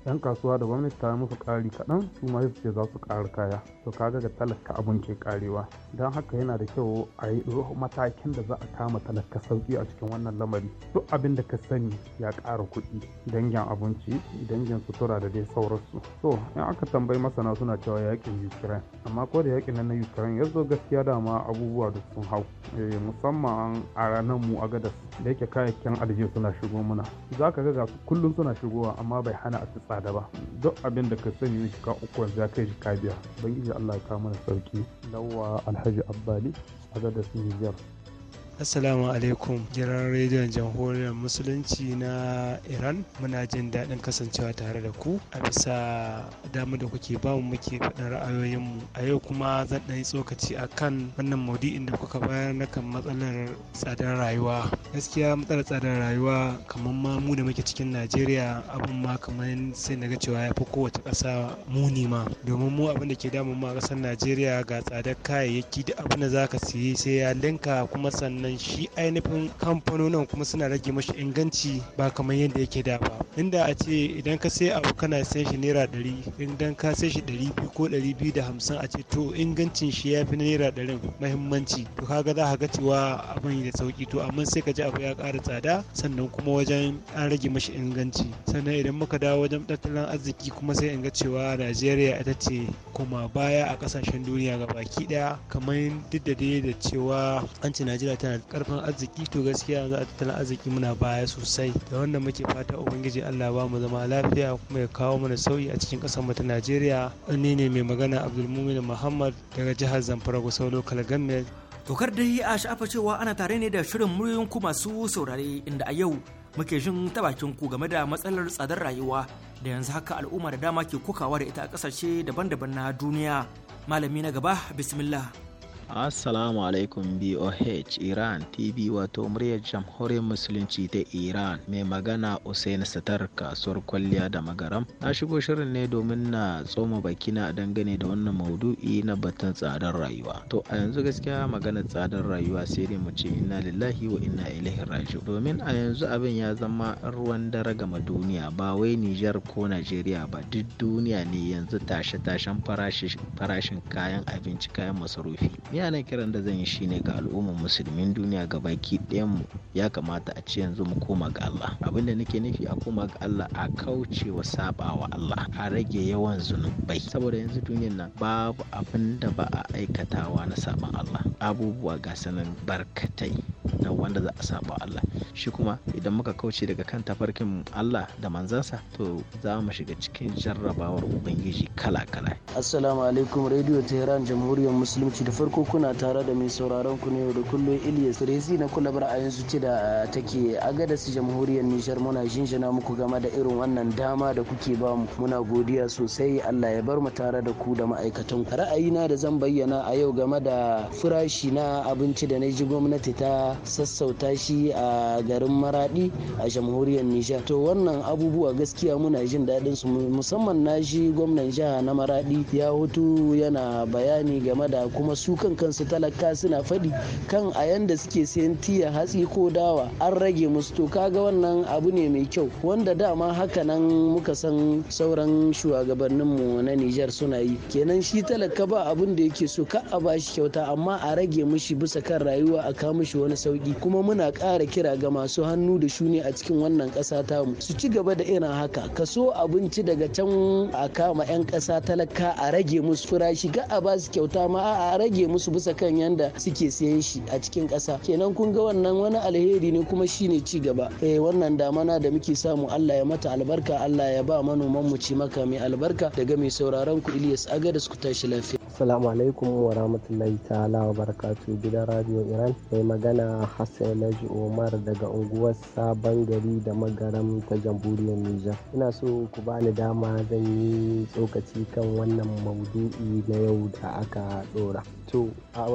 'yan kasuwa da gwamnati ta musu ƙari kaɗan su ma ce za su ƙara kaya to kaga ga talaka abun ke ƙarewa don haka yana da kyau a yi matakin da za a kama talaka sauƙi a cikin wannan lamari duk abin da ka sani ya ƙara kuɗi dangin abinci dangin sutura da dai sauransu to in aka tambayi masana suna cewa yaƙin ukraine amma ko da yaƙin na ukraine ya zo gaskiya dama abubuwa da sun hau eh, musamman a ranar mu a gadas da yake kayayyakin aljihu suna shigo muna za ka ga kullum suna shigowa amma bai hana a tsada ba duk abin da ka sani na shika uku yanzu ya kai shika biyar bangiji allah ya kawo mana sauki lawa alhaji abbali a da sun Assalamu alaikum jiran rediyon jamhuriyar musulunci na Iran muna jin daɗin kasancewa tare da ku a bisa damu da kuke ba mu muke faɗin ra'ayoyinmu a yau kuma zan ɗan yi tsokaci a kan wannan maudu'in da kuka bayar na kan matsalar tsadar rayuwa gaskiya matsalar tsadar rayuwa kamar ma mu da muke cikin Najeriya abin ma kamar sai na ga cewa ya fi kowace ƙasa muni ma domin mu abin da ke damun mu a ƙasar Najeriya ga tsadar kayayyaki da abin da za ka siye sai ya linka kuma sannan sannan shi ainihin kamfanonin kuma suna rage mashi inganci ba kamar yadda yake da ba inda a ce idan ka sai abu kana sayan shi naira ɗari idan ka sai shi ɗari biyu ko ɗari biyu da hamsin a ce to ingancin shi ya fi naira ɗarin mahimmanci to kaga za ka ga cewa abin da sauki to amma sai ka ji abu ya ƙara tsada sannan kuma wajen an rage mashi inganci sannan idan muka dawo wajen tattalin arziki kuma sai in ga cewa najeriya ita ce kuma baya a ƙasashen duniya ga baki ɗaya kamar duk da dai da cewa an ce najeriya tana Ƙarfin karfin arziki to gaskiya za a tattalin arziki muna baya sosai da wanda muke fata ubangiji Allah ba mu zama lafiya kuma ya kawo mana sauyi a cikin kasar mu ta Najeriya ni ne mai magana Abdulmumin Muhammad daga jihar Zamfara Gusau Local Government Tokar dai a sha'afa cewa ana tare ne da shirin muryoyin ku masu saurare inda a yau muke jin ta bakin ku game da matsalar tsadar rayuwa da yanzu haka al'umma da dama ke kokawa da ita a ƙasashe daban-daban na duniya. Malami na gaba bismillah. Assalamu alaikum BOH Iran TV wato muryar jamhuriyar musulunci ta Iran mai magana Usain Satar kasuwar kwalliya da magaram. Na shigo shirin ne domin na tsoma na dangane da wannan maudu'i na batun tsadar rayuwa. To a yanzu gaskiya magana tsadar rayuwa sai dai mu ce inna lillahi wa inna ilaihi raji'un. Domin a yanzu abin ya zama ruwan dare gama duniya ba wai Nijar ko Najeriya ba duk duniya ne yanzu tashe-tashen farashin kayan abinci kayan masarufi. miya kiran da zan yi shi ne ga al'ummar musulmin duniya ga baki ɗayan mu ya kamata a ce yanzu mu koma ga Allah abin da nake nufi a koma ga Allah a kauce wa sabawa Allah a rage yawan zunubai saboda yanzu duniyar nan babu abin da ba a aikatawa na saban Allah abubuwa ga sanan barkatai na wanda za a saba Allah shi kuma idan muka kauce daga kan tafarkin Allah da manzansa to za mu shiga cikin jarrabawar ubangiji kala kala assalamu alaikum radio tehran jamhuriyar musulunci da farko kuna tare da mai sauraron ku ne da kullum Ilyas Resi na kula ra'ayin su ce da take agadasu su jamhuriyar nijar muna shinshina muku game da irin wannan dama da kuke ba mu muna godiya sosai Allah ya bar mu tare da ku da ma'aikatan ku ra'ayina da zan bayyana a yau game da firashi na abinci da na ji gwamnati ta sassauta shi a garin Maradi a jamhuriyar nijar. to wannan abubuwa gaskiya muna jin daɗin su musamman na shi gwamnan jiha na Maradi ya hutu yana bayani game da kuma su kan kan kansu talaka suna faɗi kan a yanda suke sayan tiya hatsi ko dawa an rage musu to kaga wannan abu ne mai kyau wanda dama haka nan muka san sauran shugabanninmu na Nijar suna yi kenan shi talaka ba abun da yake so ka a bashi kyauta amma a rage mishi bisa kan rayuwa a ka mishi wani sauki kuma muna ƙara kira ga masu hannu da shuni a cikin wannan ƙasa mu su ci gaba da irin haka kaso abinci daga can a kama 'yan ƙasa talaka a rage musu furashi ga a basu kyauta ma a rage musu su bisa kan yanda suke siyan shi a cikin ƙasa kenan kun ga wannan wani alheri ne kuma shine ci gaba eh wannan damana da muke samu Allah ya mata albarka Allah ya ba manoman mu ci maka mai albarka daga mai sauraron ku Ilyas da ku tashi lafiya Assalamu alaikum wa rahmatullahi ta'ala wa barakatu gidan radio Iran mai magana Hassan Laji Umar daga unguwar Sabon Gari da Magaram ta Jamhuriyar Nijar ina so ku bani dama zan yi tsokaci kan wannan maudu'i na yau da aka dora to a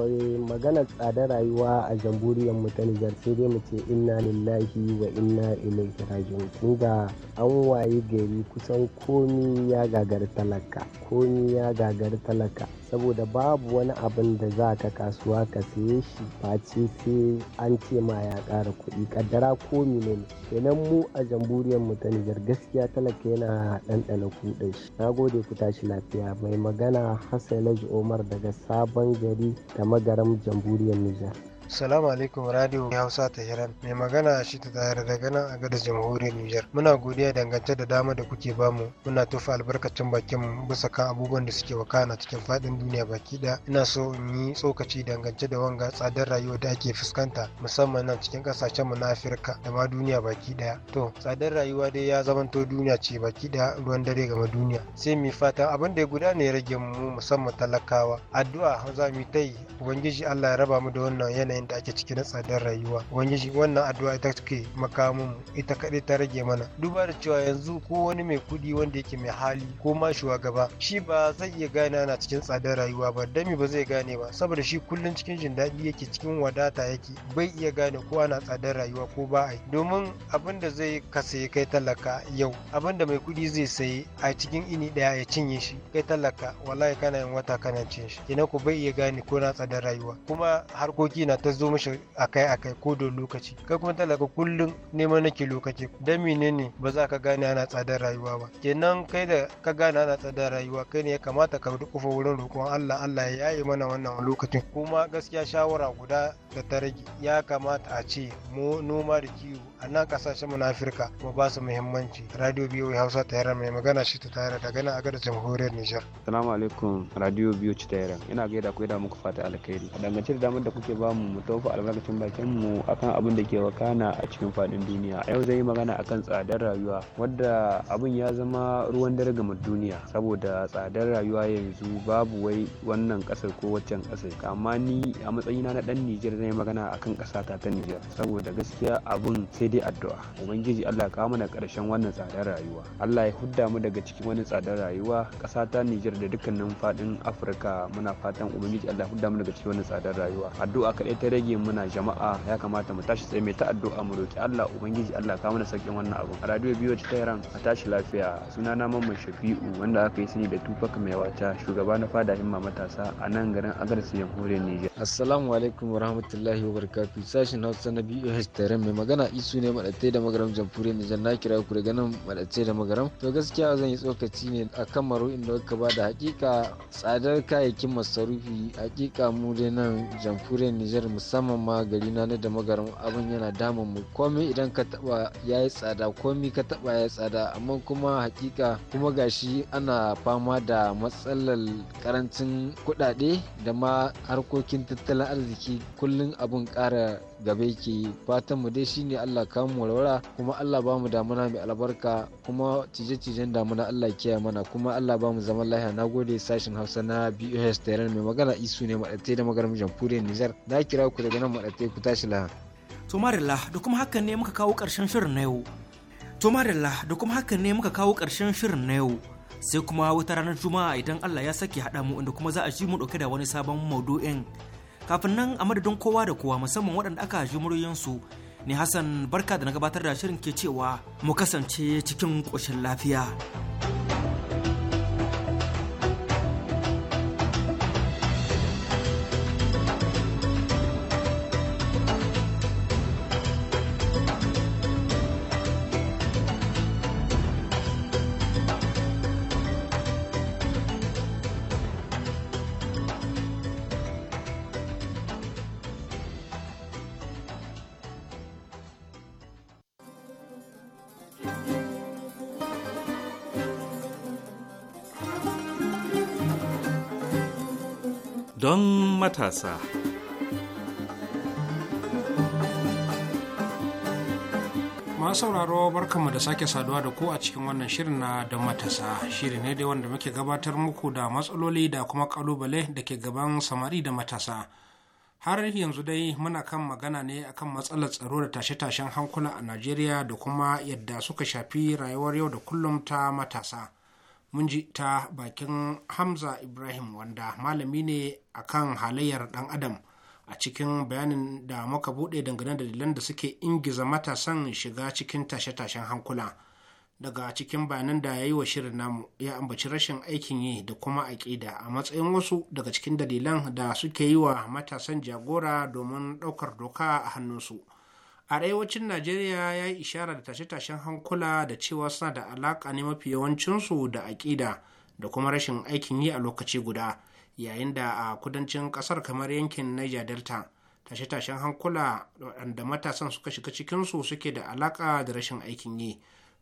maganar tsadar rayuwa a jamhuriyar mu ta Nijar sai dai mu ce inna lillahi wa inna ilaihi raji'un an wayi gari kusan komi ya gagari talaka komi ya gagari talaka saboda babu wani abin da za ka kasuwa ka saye shi face sai an ce ma ya ƙara kuɗi ƙaddara ko ne kenan mu a jamburiyar mu ta Nijar gaskiya talaka yana ɗanɗana kuɗin shi na gode ku tashi lafiya mai magana Hassan ji Omar daga sabon gari da magaram jamburiyar Nijar. Salamu alaikum radio Hausa ta hiran mai magana shi ta tare da nan a gadar jamhuriyar Nijar. Muna godiya dangance da dama da kuke bamu muna tufa albarkacin bakin mu bisa kan abubuwan da suke wakana cikin fadin duniya baki da ina so in yi tsokaci dangance da wanga tsadar rayuwa da ake fuskanta musamman nan cikin kasashen mu na Afirka da ma duniya baki daya. To tsadar rayuwa dai ya zamanto duniya ce baki ɗaya ruwan dare game duniya. Sai mu fata abin da ya guda ne ya rage mu musamman talakawa. Addu'a za mu yi ta yi Ubangiji Allah ya raba mu da wannan yanayin yanayin da ake ciki na tsadar rayuwa ubangiji wannan addu'a ita take makamin ita kaɗai ta rage mana duba da cewa yanzu ko wani mai kuɗi wanda yake mai hali ko ma shugaba shi ba zai iya gane ana cikin tsadar rayuwa ba dami ba zai gane ba saboda shi kullun cikin jin daɗi yake cikin wadata yake bai iya gane ko ana tsadar rayuwa ko ba ai domin abin da zai ka kai talaka yau abin da mai kuɗi zai saye a cikin ini daya ya cinye shi kai talaka wallahi kana yin wata kana cin shi kenan ku bai iya gane ko na tsadar rayuwa kuma harkoki na ta ta zo mishi akai akai ko da lokaci kai kuma talaka kullum neman nake lokaci mine ne ba za ka gane ana tsadar rayuwa ba kenan kai da ka gane ana tsadar rayuwa kai ne ya kamata ka rukufa wurin roƙon Allah Allah ya yaye mana wannan lokacin kuma gaskiya shawara guda da ta rage ya kamata a ce mu noma da kiwo a nan kasashen mu na afirka kuma ba su muhimmanci radio biyu hausa ta yara mai magana shi ta tare daga gana a gada jamhuriyar nijar salamu alaikum radio biyu ci ta yara ina gaida ku da muku fata alkhairi a dangance da damar da kuke bamu mu tofa albarkacin bakin mu akan abin da ke wakana a cikin fadin duniya a yau zai yi magana akan tsadar rayuwa wadda abin ya zama ruwan dare ga duniya saboda tsadar rayuwa yanzu babu wai wannan kasar ko waccan kasar amma ni a matsayina na dan Nijar zan yi magana akan kasa ta ta Nijar saboda gaskiya abun sai sai dai addu'a ubangiji allah ya kawo mana karshen wannan tsadar rayuwa allah ya hudda mu daga cikin wani tsadar rayuwa ƙasa ta nijar da dukkanin fadin afirka muna fatan ubangiji allah ya hudda mu daga cikin wani tsadar rayuwa addu'a kaɗai ta rage muna jama'a ya kamata mu tashi tsaye mai ta addu'a mu roki allah ubangiji allah ya kawo mana sauƙin wannan abu a radio biyu ta tehran a tashi lafiya sunana mamman shafi'u wanda aka yi sani da tupac mai wata shugaba na fada himma matasa a nan garin agarsu jamhuriyar nijar assalamu alaikum wa wabarakatuh sashen hausa na boh tare mai magana isu ne maɗatai da magaram jamhuriyar nijar na kira ku daga nan maɗatai da magaram to gaskiya zan yi tsokaci ne a akan maro inda aka ba da hakika tsadar kayayyakin masarufi hakika mu dai nan jamhuriyar nijar musamman ma gari na da magaram abin yana damun mu komai idan ka taba yayi tsada komai ka taba yayi tsada amma kuma hakika kuma gashi ana fama da matsalar karancin kuɗaɗe da ma harkokin tattalin arziki kullum abun ƙara gaba yake fatan mu dai shine Allah kamu warwara kuma Allah ba mu damuna mai albarka kuma cije-cijen damuna Allah kiyaye mana kuma Allah ba mu zaman lafiya nagode sashin Hausa na BOS Tehran mai magana isu ne madatai da magaram jamhuriyar Nijar na kira ku daga nan madatai ku tashi la. To marilla da kuma hakan ne muka kawo karshen shirin na yau. To marilla da kuma hakan ne muka kawo karshen shirin na yau. Sai kuma wata ranar Juma'a idan Allah ya saki haɗa mu inda kuma za a ji mu dauke da wani sabon maudu'in. kafin nan a madadin kowa da kowa musamman waɗanda aka ji muryoyinsu ne Hassan barka da na gabatar da shirin ke cewa mu kasance cikin ƙoshin lafiya. matasa. Ma sauraro barkanmu da sake saduwa da ku a cikin wannan shirin na da matasa shiri ne dai wanda muke gabatar muku da matsaloli da kuma kalubale da ke gaban samari da matasa har yanzu dai muna kan magana ne akan matsalar tsaro da tashe-tashen hankula a najeriya da kuma yadda suka shafi rayuwar yau da kullum ta matasa mun ji ta bakin hamza ibrahim wanda malami ne a kan halayyar dan adam a cikin bayanin da muka bude dangane da dalilan da suke ingiza matasan shiga cikin tashe-tashen hankula daga cikin bayanan da ya yi wa shirin namu ya ambaci rashin aikin yi da kuma aƙida a matsayin wasu daga cikin dalilan da suke yi wa matasan jagora domin ɗaukar doka a hannunsu. su arewacin najeriya ya yi ishara da tashe-tashen hankula da cewa suna da alaƙa ne mafi yawancinsu da aƙida da kuma rashin aikin yi a lokaci guda yayin da a kudancin ƙasar kamar yankin niger delta tashe-tashen hankula waɗanda matasan suka shiga cikinsu suke da alaƙa da rashin aikin yi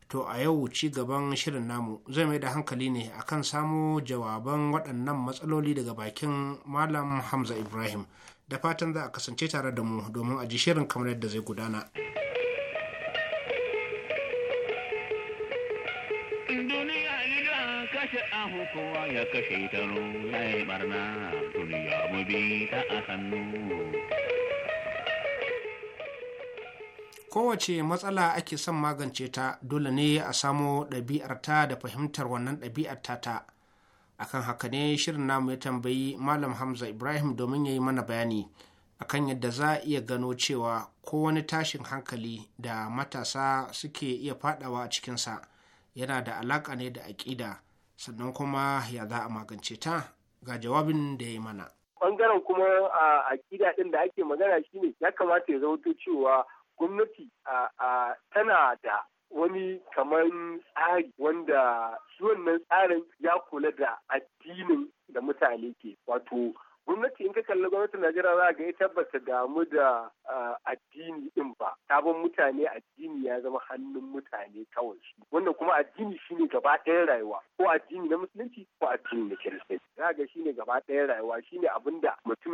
to a yau ci gaban shirin namu zai mai da hankali ne akan samo jawaban waɗannan matsaloli daga bakin malam hamza ibrahim da fatan za a kasance tare da mu domin a ji shirin kamar yadda zai gudana. kashe Kowace matsala ake son magance ta dole ne a samo ɗabi'arta da fahimtar wannan ɗabi'ar tata. ta. akan haka ne shirin namu ya tambayi malam hamza ibrahim domin ya yi mana bayani akan yadda za a iya gano cewa ko wani tashin hankali da matasa suke iya fadawa a cikinsa yana da alaƙa ne da aƙida sannan kuma ya za a magance ta ga jawabin da ya yi mana Ɓangaren kuma a aƙida ɗin da ake magana shine ya kamata ya zama cewa gwamnati tana da wani kamar tsari wanda shi wannan tsarin ya kula da addinin da mutane ke wato gwamnati in ka kalli gwamnatin najeriya za ga ita ba ta damu da addini din ba sabon mutane addini ya zama hannun mutane kawai su wannan kuma addini shine gaba ɗayan rayuwa ko addini na musulunci ko addini na kiristanci za ga shine gaba ɗayan rayuwa shine abinda da mutum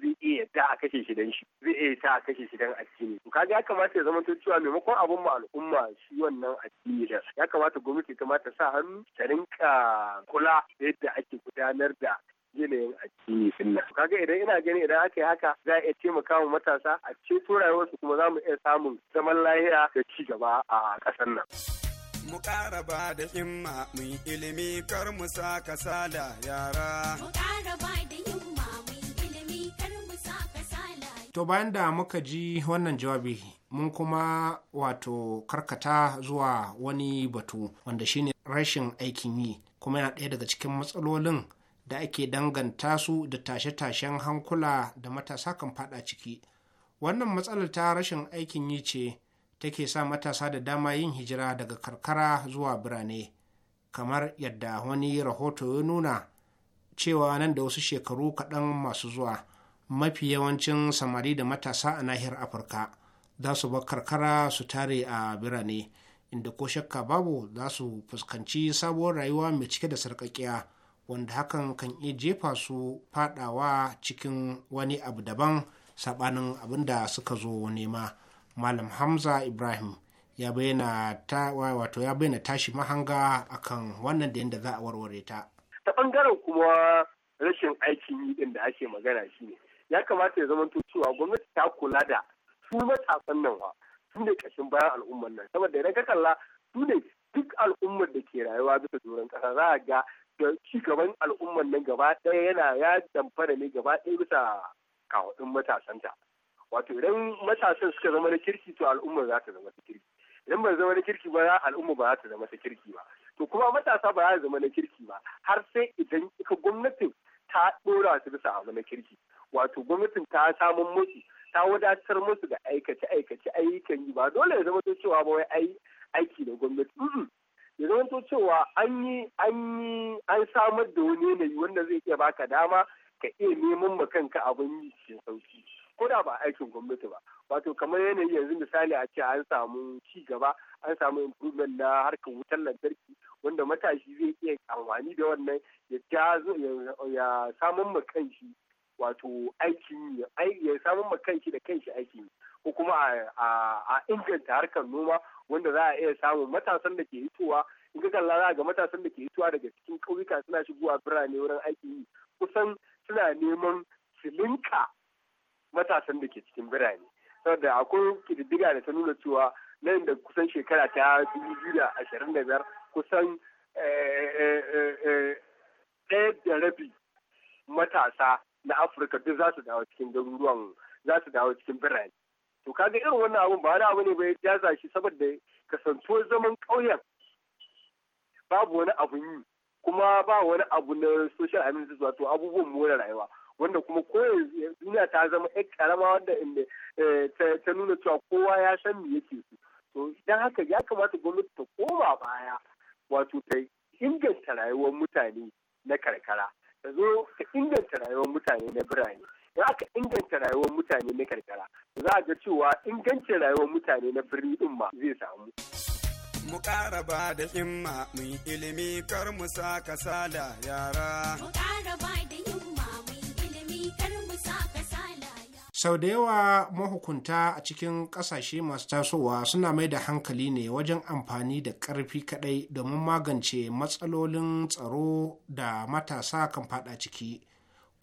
zai iya yadda a kashe shi dan shi zai iya ta a kashe shi dan addini to ga ya kamata ya zama to cewa maimakon abun mu al'umma shi wannan addini da ya kamata gwamnati ta mata sa hannu ta rinka kula yadda ake gudanar da yanayin addini din nan kaga idan ina gani idan aka yi haka za a iya taimaka wa matasa a ceto rayuwarsu kuma za mu iya samun zaman lahiya da ci gaba a ƙasar nan. Mu ƙara ba da himma mu yi ilimi kar mu sa kasala yara. Mu ƙara ba da himma mu yi ilimi kar mu sa kasala. To bayan da muka ji wannan jawabi mun kuma wato karkata zuwa wani batu wanda shine rashin aikin yi kuma yana ɗaya daga cikin matsalolin da ake danganta su da tashe-tashen hankula da matasa kan fada ciki wannan matsalar ta rashin aikin yi ce take sa matasa da dama yin hijira daga karkara zuwa birane kamar yadda wani rahoto ya nuna cewa nan da wasu shekaru kaɗan masu zuwa mafi yawancin samari da matasa a nahiyar afirka za su bar karkara su tare a birane inda ko shakka babu za su fuskanci sabuwar rayuwa mai cike da sarƙaƙiya wanda hakan kan iya jefa su fadawa cikin wani abu daban sabanin abin da suka zo nema malam hamza ibrahim ya bayyana ta wato ya bayyana tashi mahanga akan wannan da yadda za a warware ta ta bangaren kuma rashin aikin yi din da ake magana shi ne ya kamata ya zama cewa gwamnati ta kula da su matasan nan wa su ne kashin bayan al'ummar nan saboda idan ka kalla su ne duk al'ummar da ke rayuwa bisa doron kasa za a ga da ci gaban al'ummar nan gaba ɗaya yana ya damfara ne gaba ɗaya bisa kawaɗin matasanta wato idan matasan suka zama na kirki to al'ummar za ta zama ta kirki idan ba zama na kirki ba al'umma ba za ta zama ta kirki ba to kuma matasa ba za zama na kirki ba har sai idan ita gwamnatin ta ɗora su bisa abu na kirki wato gwamnatin ta samu musu ta wadatar musu da aikace aikace ayyukan yi ba dole ya zama cewa ba wai aiki da gwamnati ya zamanto cewa an yi an yi an samar da wani yanayi wanda zai iya baka dama ka iya neman ma kanka abin yi cikin sauki ko da ba aikin gwamnati ba wato kamar yanayi yanzu misali a ce an samu ci gaba an samu improvement na harkar wutar lantarki wanda matashi zai iya amfani da wannan ya ya samun ma kanshi wato aikin ya samun ma kanshi da kanshi aikin ko kuma a inganta harkar noma wanda za a iya samun matasan da ke hitowa in ka kalla za ga matasan da ke hitowa daga cikin ƙauyuka suna shigowa birane wurin aikin yi kusan suna neman silinka matasan da ke cikin birane saboda akwai kididdiga da ta nuna cewa nan da kusan shekara ta dubu biyu da ashirin da biyar kusan eh, eh, eh, ɗaya da rabi matasa na afirka duk za su dawo cikin garuruwan za su dawo cikin birane to kaga irin wannan abun ba wani abu ne bai jaza shi saboda kasantuwar zaman ƙauyen babu wani abun yi kuma ba wani abu na social amenities wato abubuwan more rayuwa wanda kuma ko duniya ta zama yar karama wanda eh, ta nuna cewa kowa ya san me yake so to idan haka ya kamata gwamnati ta koma baya wato ta inganta rayuwar mutane na karkara ka zo ta inganta rayuwar mutane na birane Za aka inganta rayuwar mutane na karkara za a ga cewa ingancin rayuwar mutane na birni din ma zai samu. Mu ƙara ba da himma mu yi ilimi kar mu sa kasala yara. Mu ƙara ba da himma mu ilimi kar mu sa yara. Sau da yawa mahukunta a cikin ƙasashe masu tasowa suna mai da hankali ne wajen amfani da ƙarfi kaɗai domin magance matsalolin tsaro da matasa kan faɗa ciki.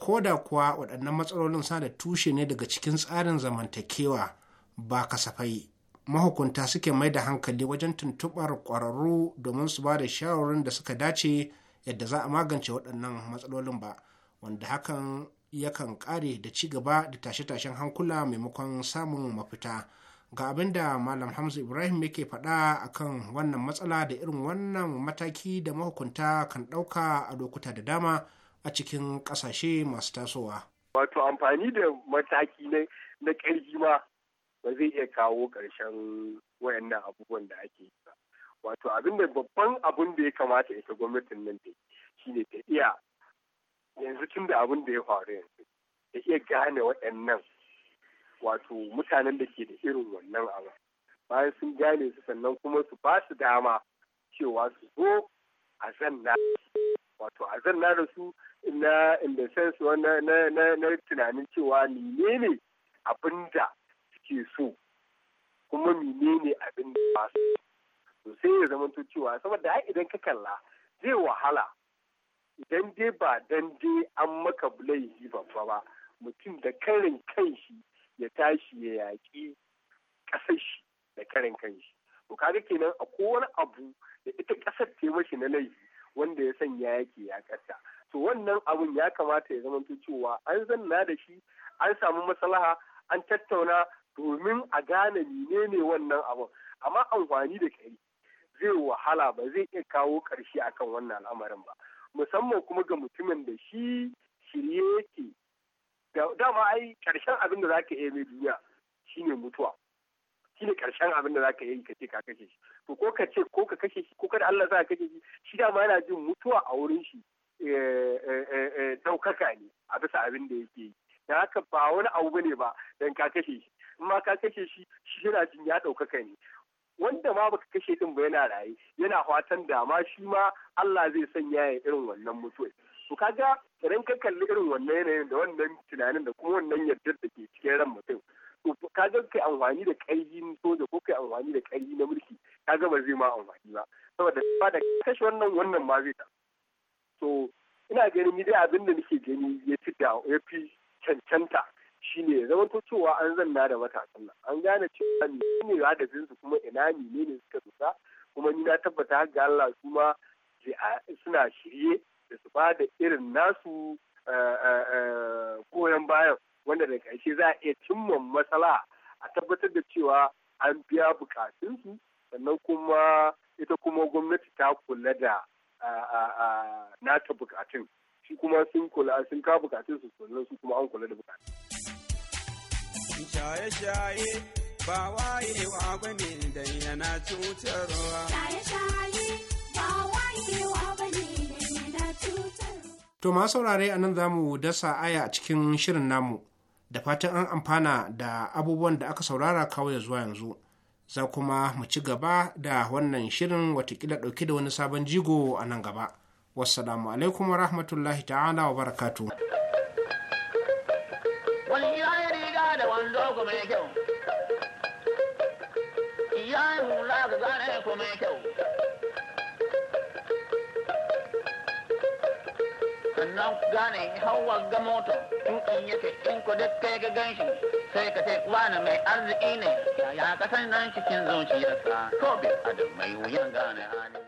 ko da kuwa waɗannan matsalolin sada tushe ne daga cikin tsarin zamantakewa ba kasafai mahukunta suke mai da hankali wajen tuntuɓar ƙwararru domin su ba da shawarar da suka dace yadda za a magance waɗannan matsalolin ba wanda hakan yakan ƙare da ci gaba da tashe-tashen hankula maimakon samun mafita ga abin da malam hamza ibrahim yake faɗa a kan wannan matsala da irin wannan mataki da mahukunta kan ɗauka a lokuta da dama a cikin ƙasashe masu tasowa. Wato amfani da mataki na ƙarfi ma ba zai iya kawo ƙarshen wayannan abubuwan da ake yi ba. Wato abin da babban abin da ya kamata ita gwamnatin nan da shi ne ta iya yanzu tun da abin da ya faru yanzu ta iya gane waɗannan wato mutanen da ke da irin wannan abu bayan sun gane su sannan kuma su ba su dama cewa su zo a zanna wato a zanna da su na in the sense na na tunanin cewa menene abin da suke so kuma menene abin da ba su to sai ya zama cewa saboda ai idan ka kalla zai wahala idan dai ba dan dai an maka laifi babba ba mutum da karin kan shi ya tashi ya yaƙi ƙasar shi da karin shi to kaga kenan a wani abu da ita ƙasar ta mashi na laifi wanda ya sanya yake ya ƙasa to wannan abun ya kamata ya zama cewa an zanna da shi an samu maslaha an tattauna domin a gane menene wannan abun amma amfani da kai zai wahala ba zai iya kawo ƙarshe akan wannan al'amarin ba musamman kuma ga mutumin da shi shirye yake dama ai ƙarshen abin da zaka iya mai duniya shine mutuwa shine ƙarshen abin da zaka yi ka ce ka kashe shi to ko ka ce ko ka kashe shi ko kada Allah za ka kashe shi shi dama yana jin mutuwa a wurin shi ɗaukaka ne a bisa abin da yake yi da haka ba wani abu ne ba dan ka kashe shi in ma ka kashe shi shi yana jin ya ɗaukaka ne wanda ma baka kashe din ba yana raye yana fatan da ma shi ma Allah zai sanya ya irin wannan mutuwa to kaga idan ka kalli irin wannan yanayin da wannan tunanin da kuma wannan yardar da ke cikin ran mutum to kaga kai amfani da ƙarfi soja ko kai amfani da ƙarfi na mulki kaga ba zai ma amfani ba saboda ba da kashe wannan wannan ma zai so ina ganin ni dai abin da nake gani ya fi da ya fi cancanta shine zaman to cewa an zanna da matasan nan an gane cewa ne ne da su kuma ina ne ne suka dosa kuma ni na tabbata har ga Allah su ma suna shirye da su ba da irin nasu koyan eh, eh, eh, bayan wanda da ƙarshe za a iya cimma matsala a tabbatar da cewa an biya bukatunsu sannan kuma ita kuma gwamnati ta kula da nata bukatun shi kuma sun kula sun ka bukatun su sannan su kuma an kula da bukatun. Shaye-shaye ba wayewa ba ne idan yana cutarwa. Shaye-shaye ba wayewa ba ne idan yana cutarwa. To ma saurare a nan za mu dasa aya a cikin shirin namu da fatan an amfana da abubuwan da aka saurara kawai zuwa yanzu. za kuma mu ci gaba da wannan shirin watakila ɗauki da wani sabon jigo a nan gaba wassalamu alaikum wa rahmatullahi ta'ala wa barakatu wani ya riga da wando kuma mai kyau ya hula ga zane kuma mai kyau nan gane hawa ga moto in kan yake in ku duk kai ga ganshi sai ka ce wani mai arziki ne ya ka san nan cikin zuciyarsa ko bi adam mai wuyan gane hali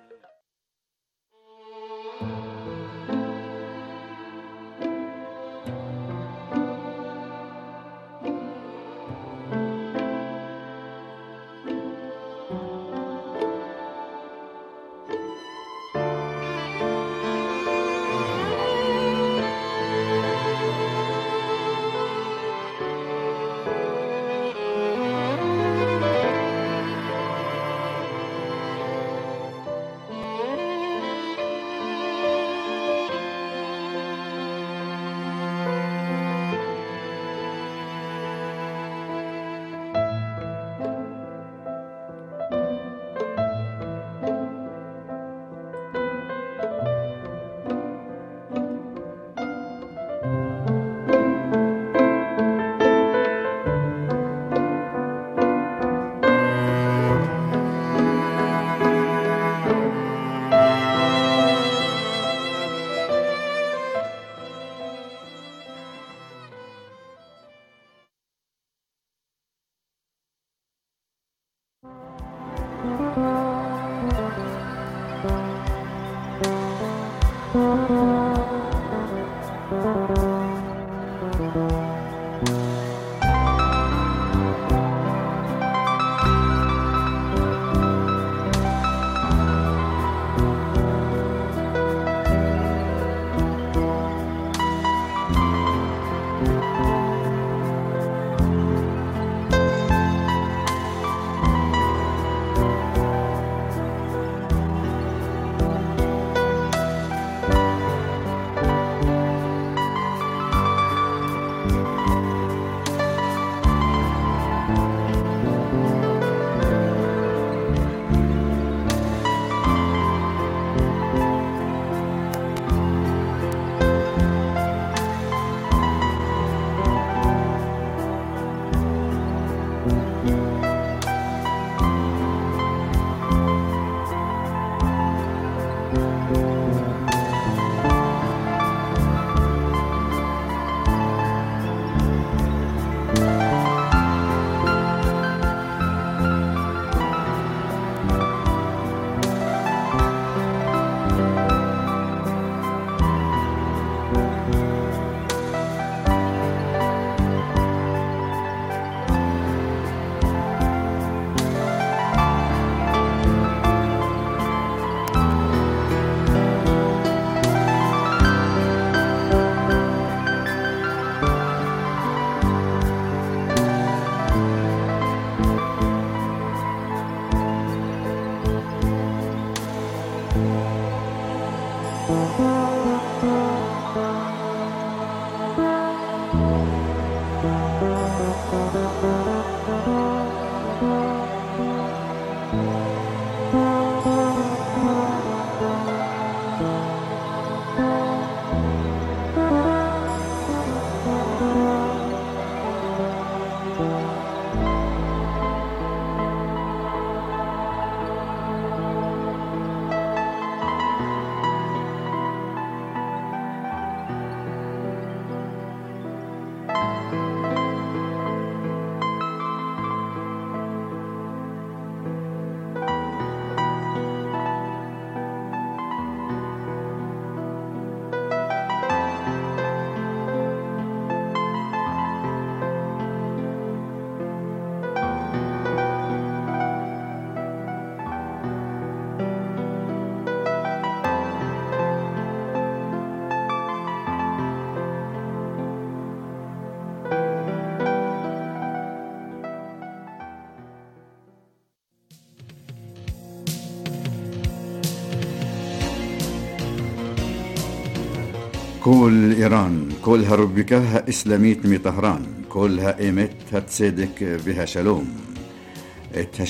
كل إيران كلها ربكها إسلاميت مي طهران كلها إيمت هتسيدك بها شلوم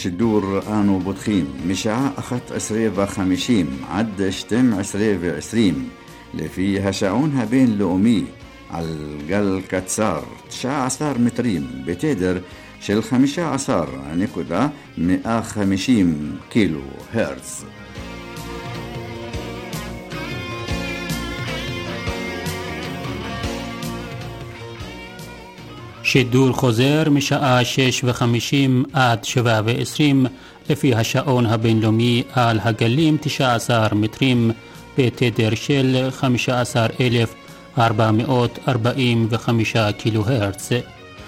الدور آنو بطخيم مشاع أخت عسري وخمشيم عد شتم عسري وعسريم لفيها شعونها بين لؤمي على الجل كتسار تشاع عصار متريم بتدر عصار نكودا مئة خمشيم كيلو הרץ. שידור חוזר משעה שש וחמישים עד שבע ועשרים לפי השעון הבינלאומי על הגלים 19 מטרים בתדר של 15,445 קילו הרץ.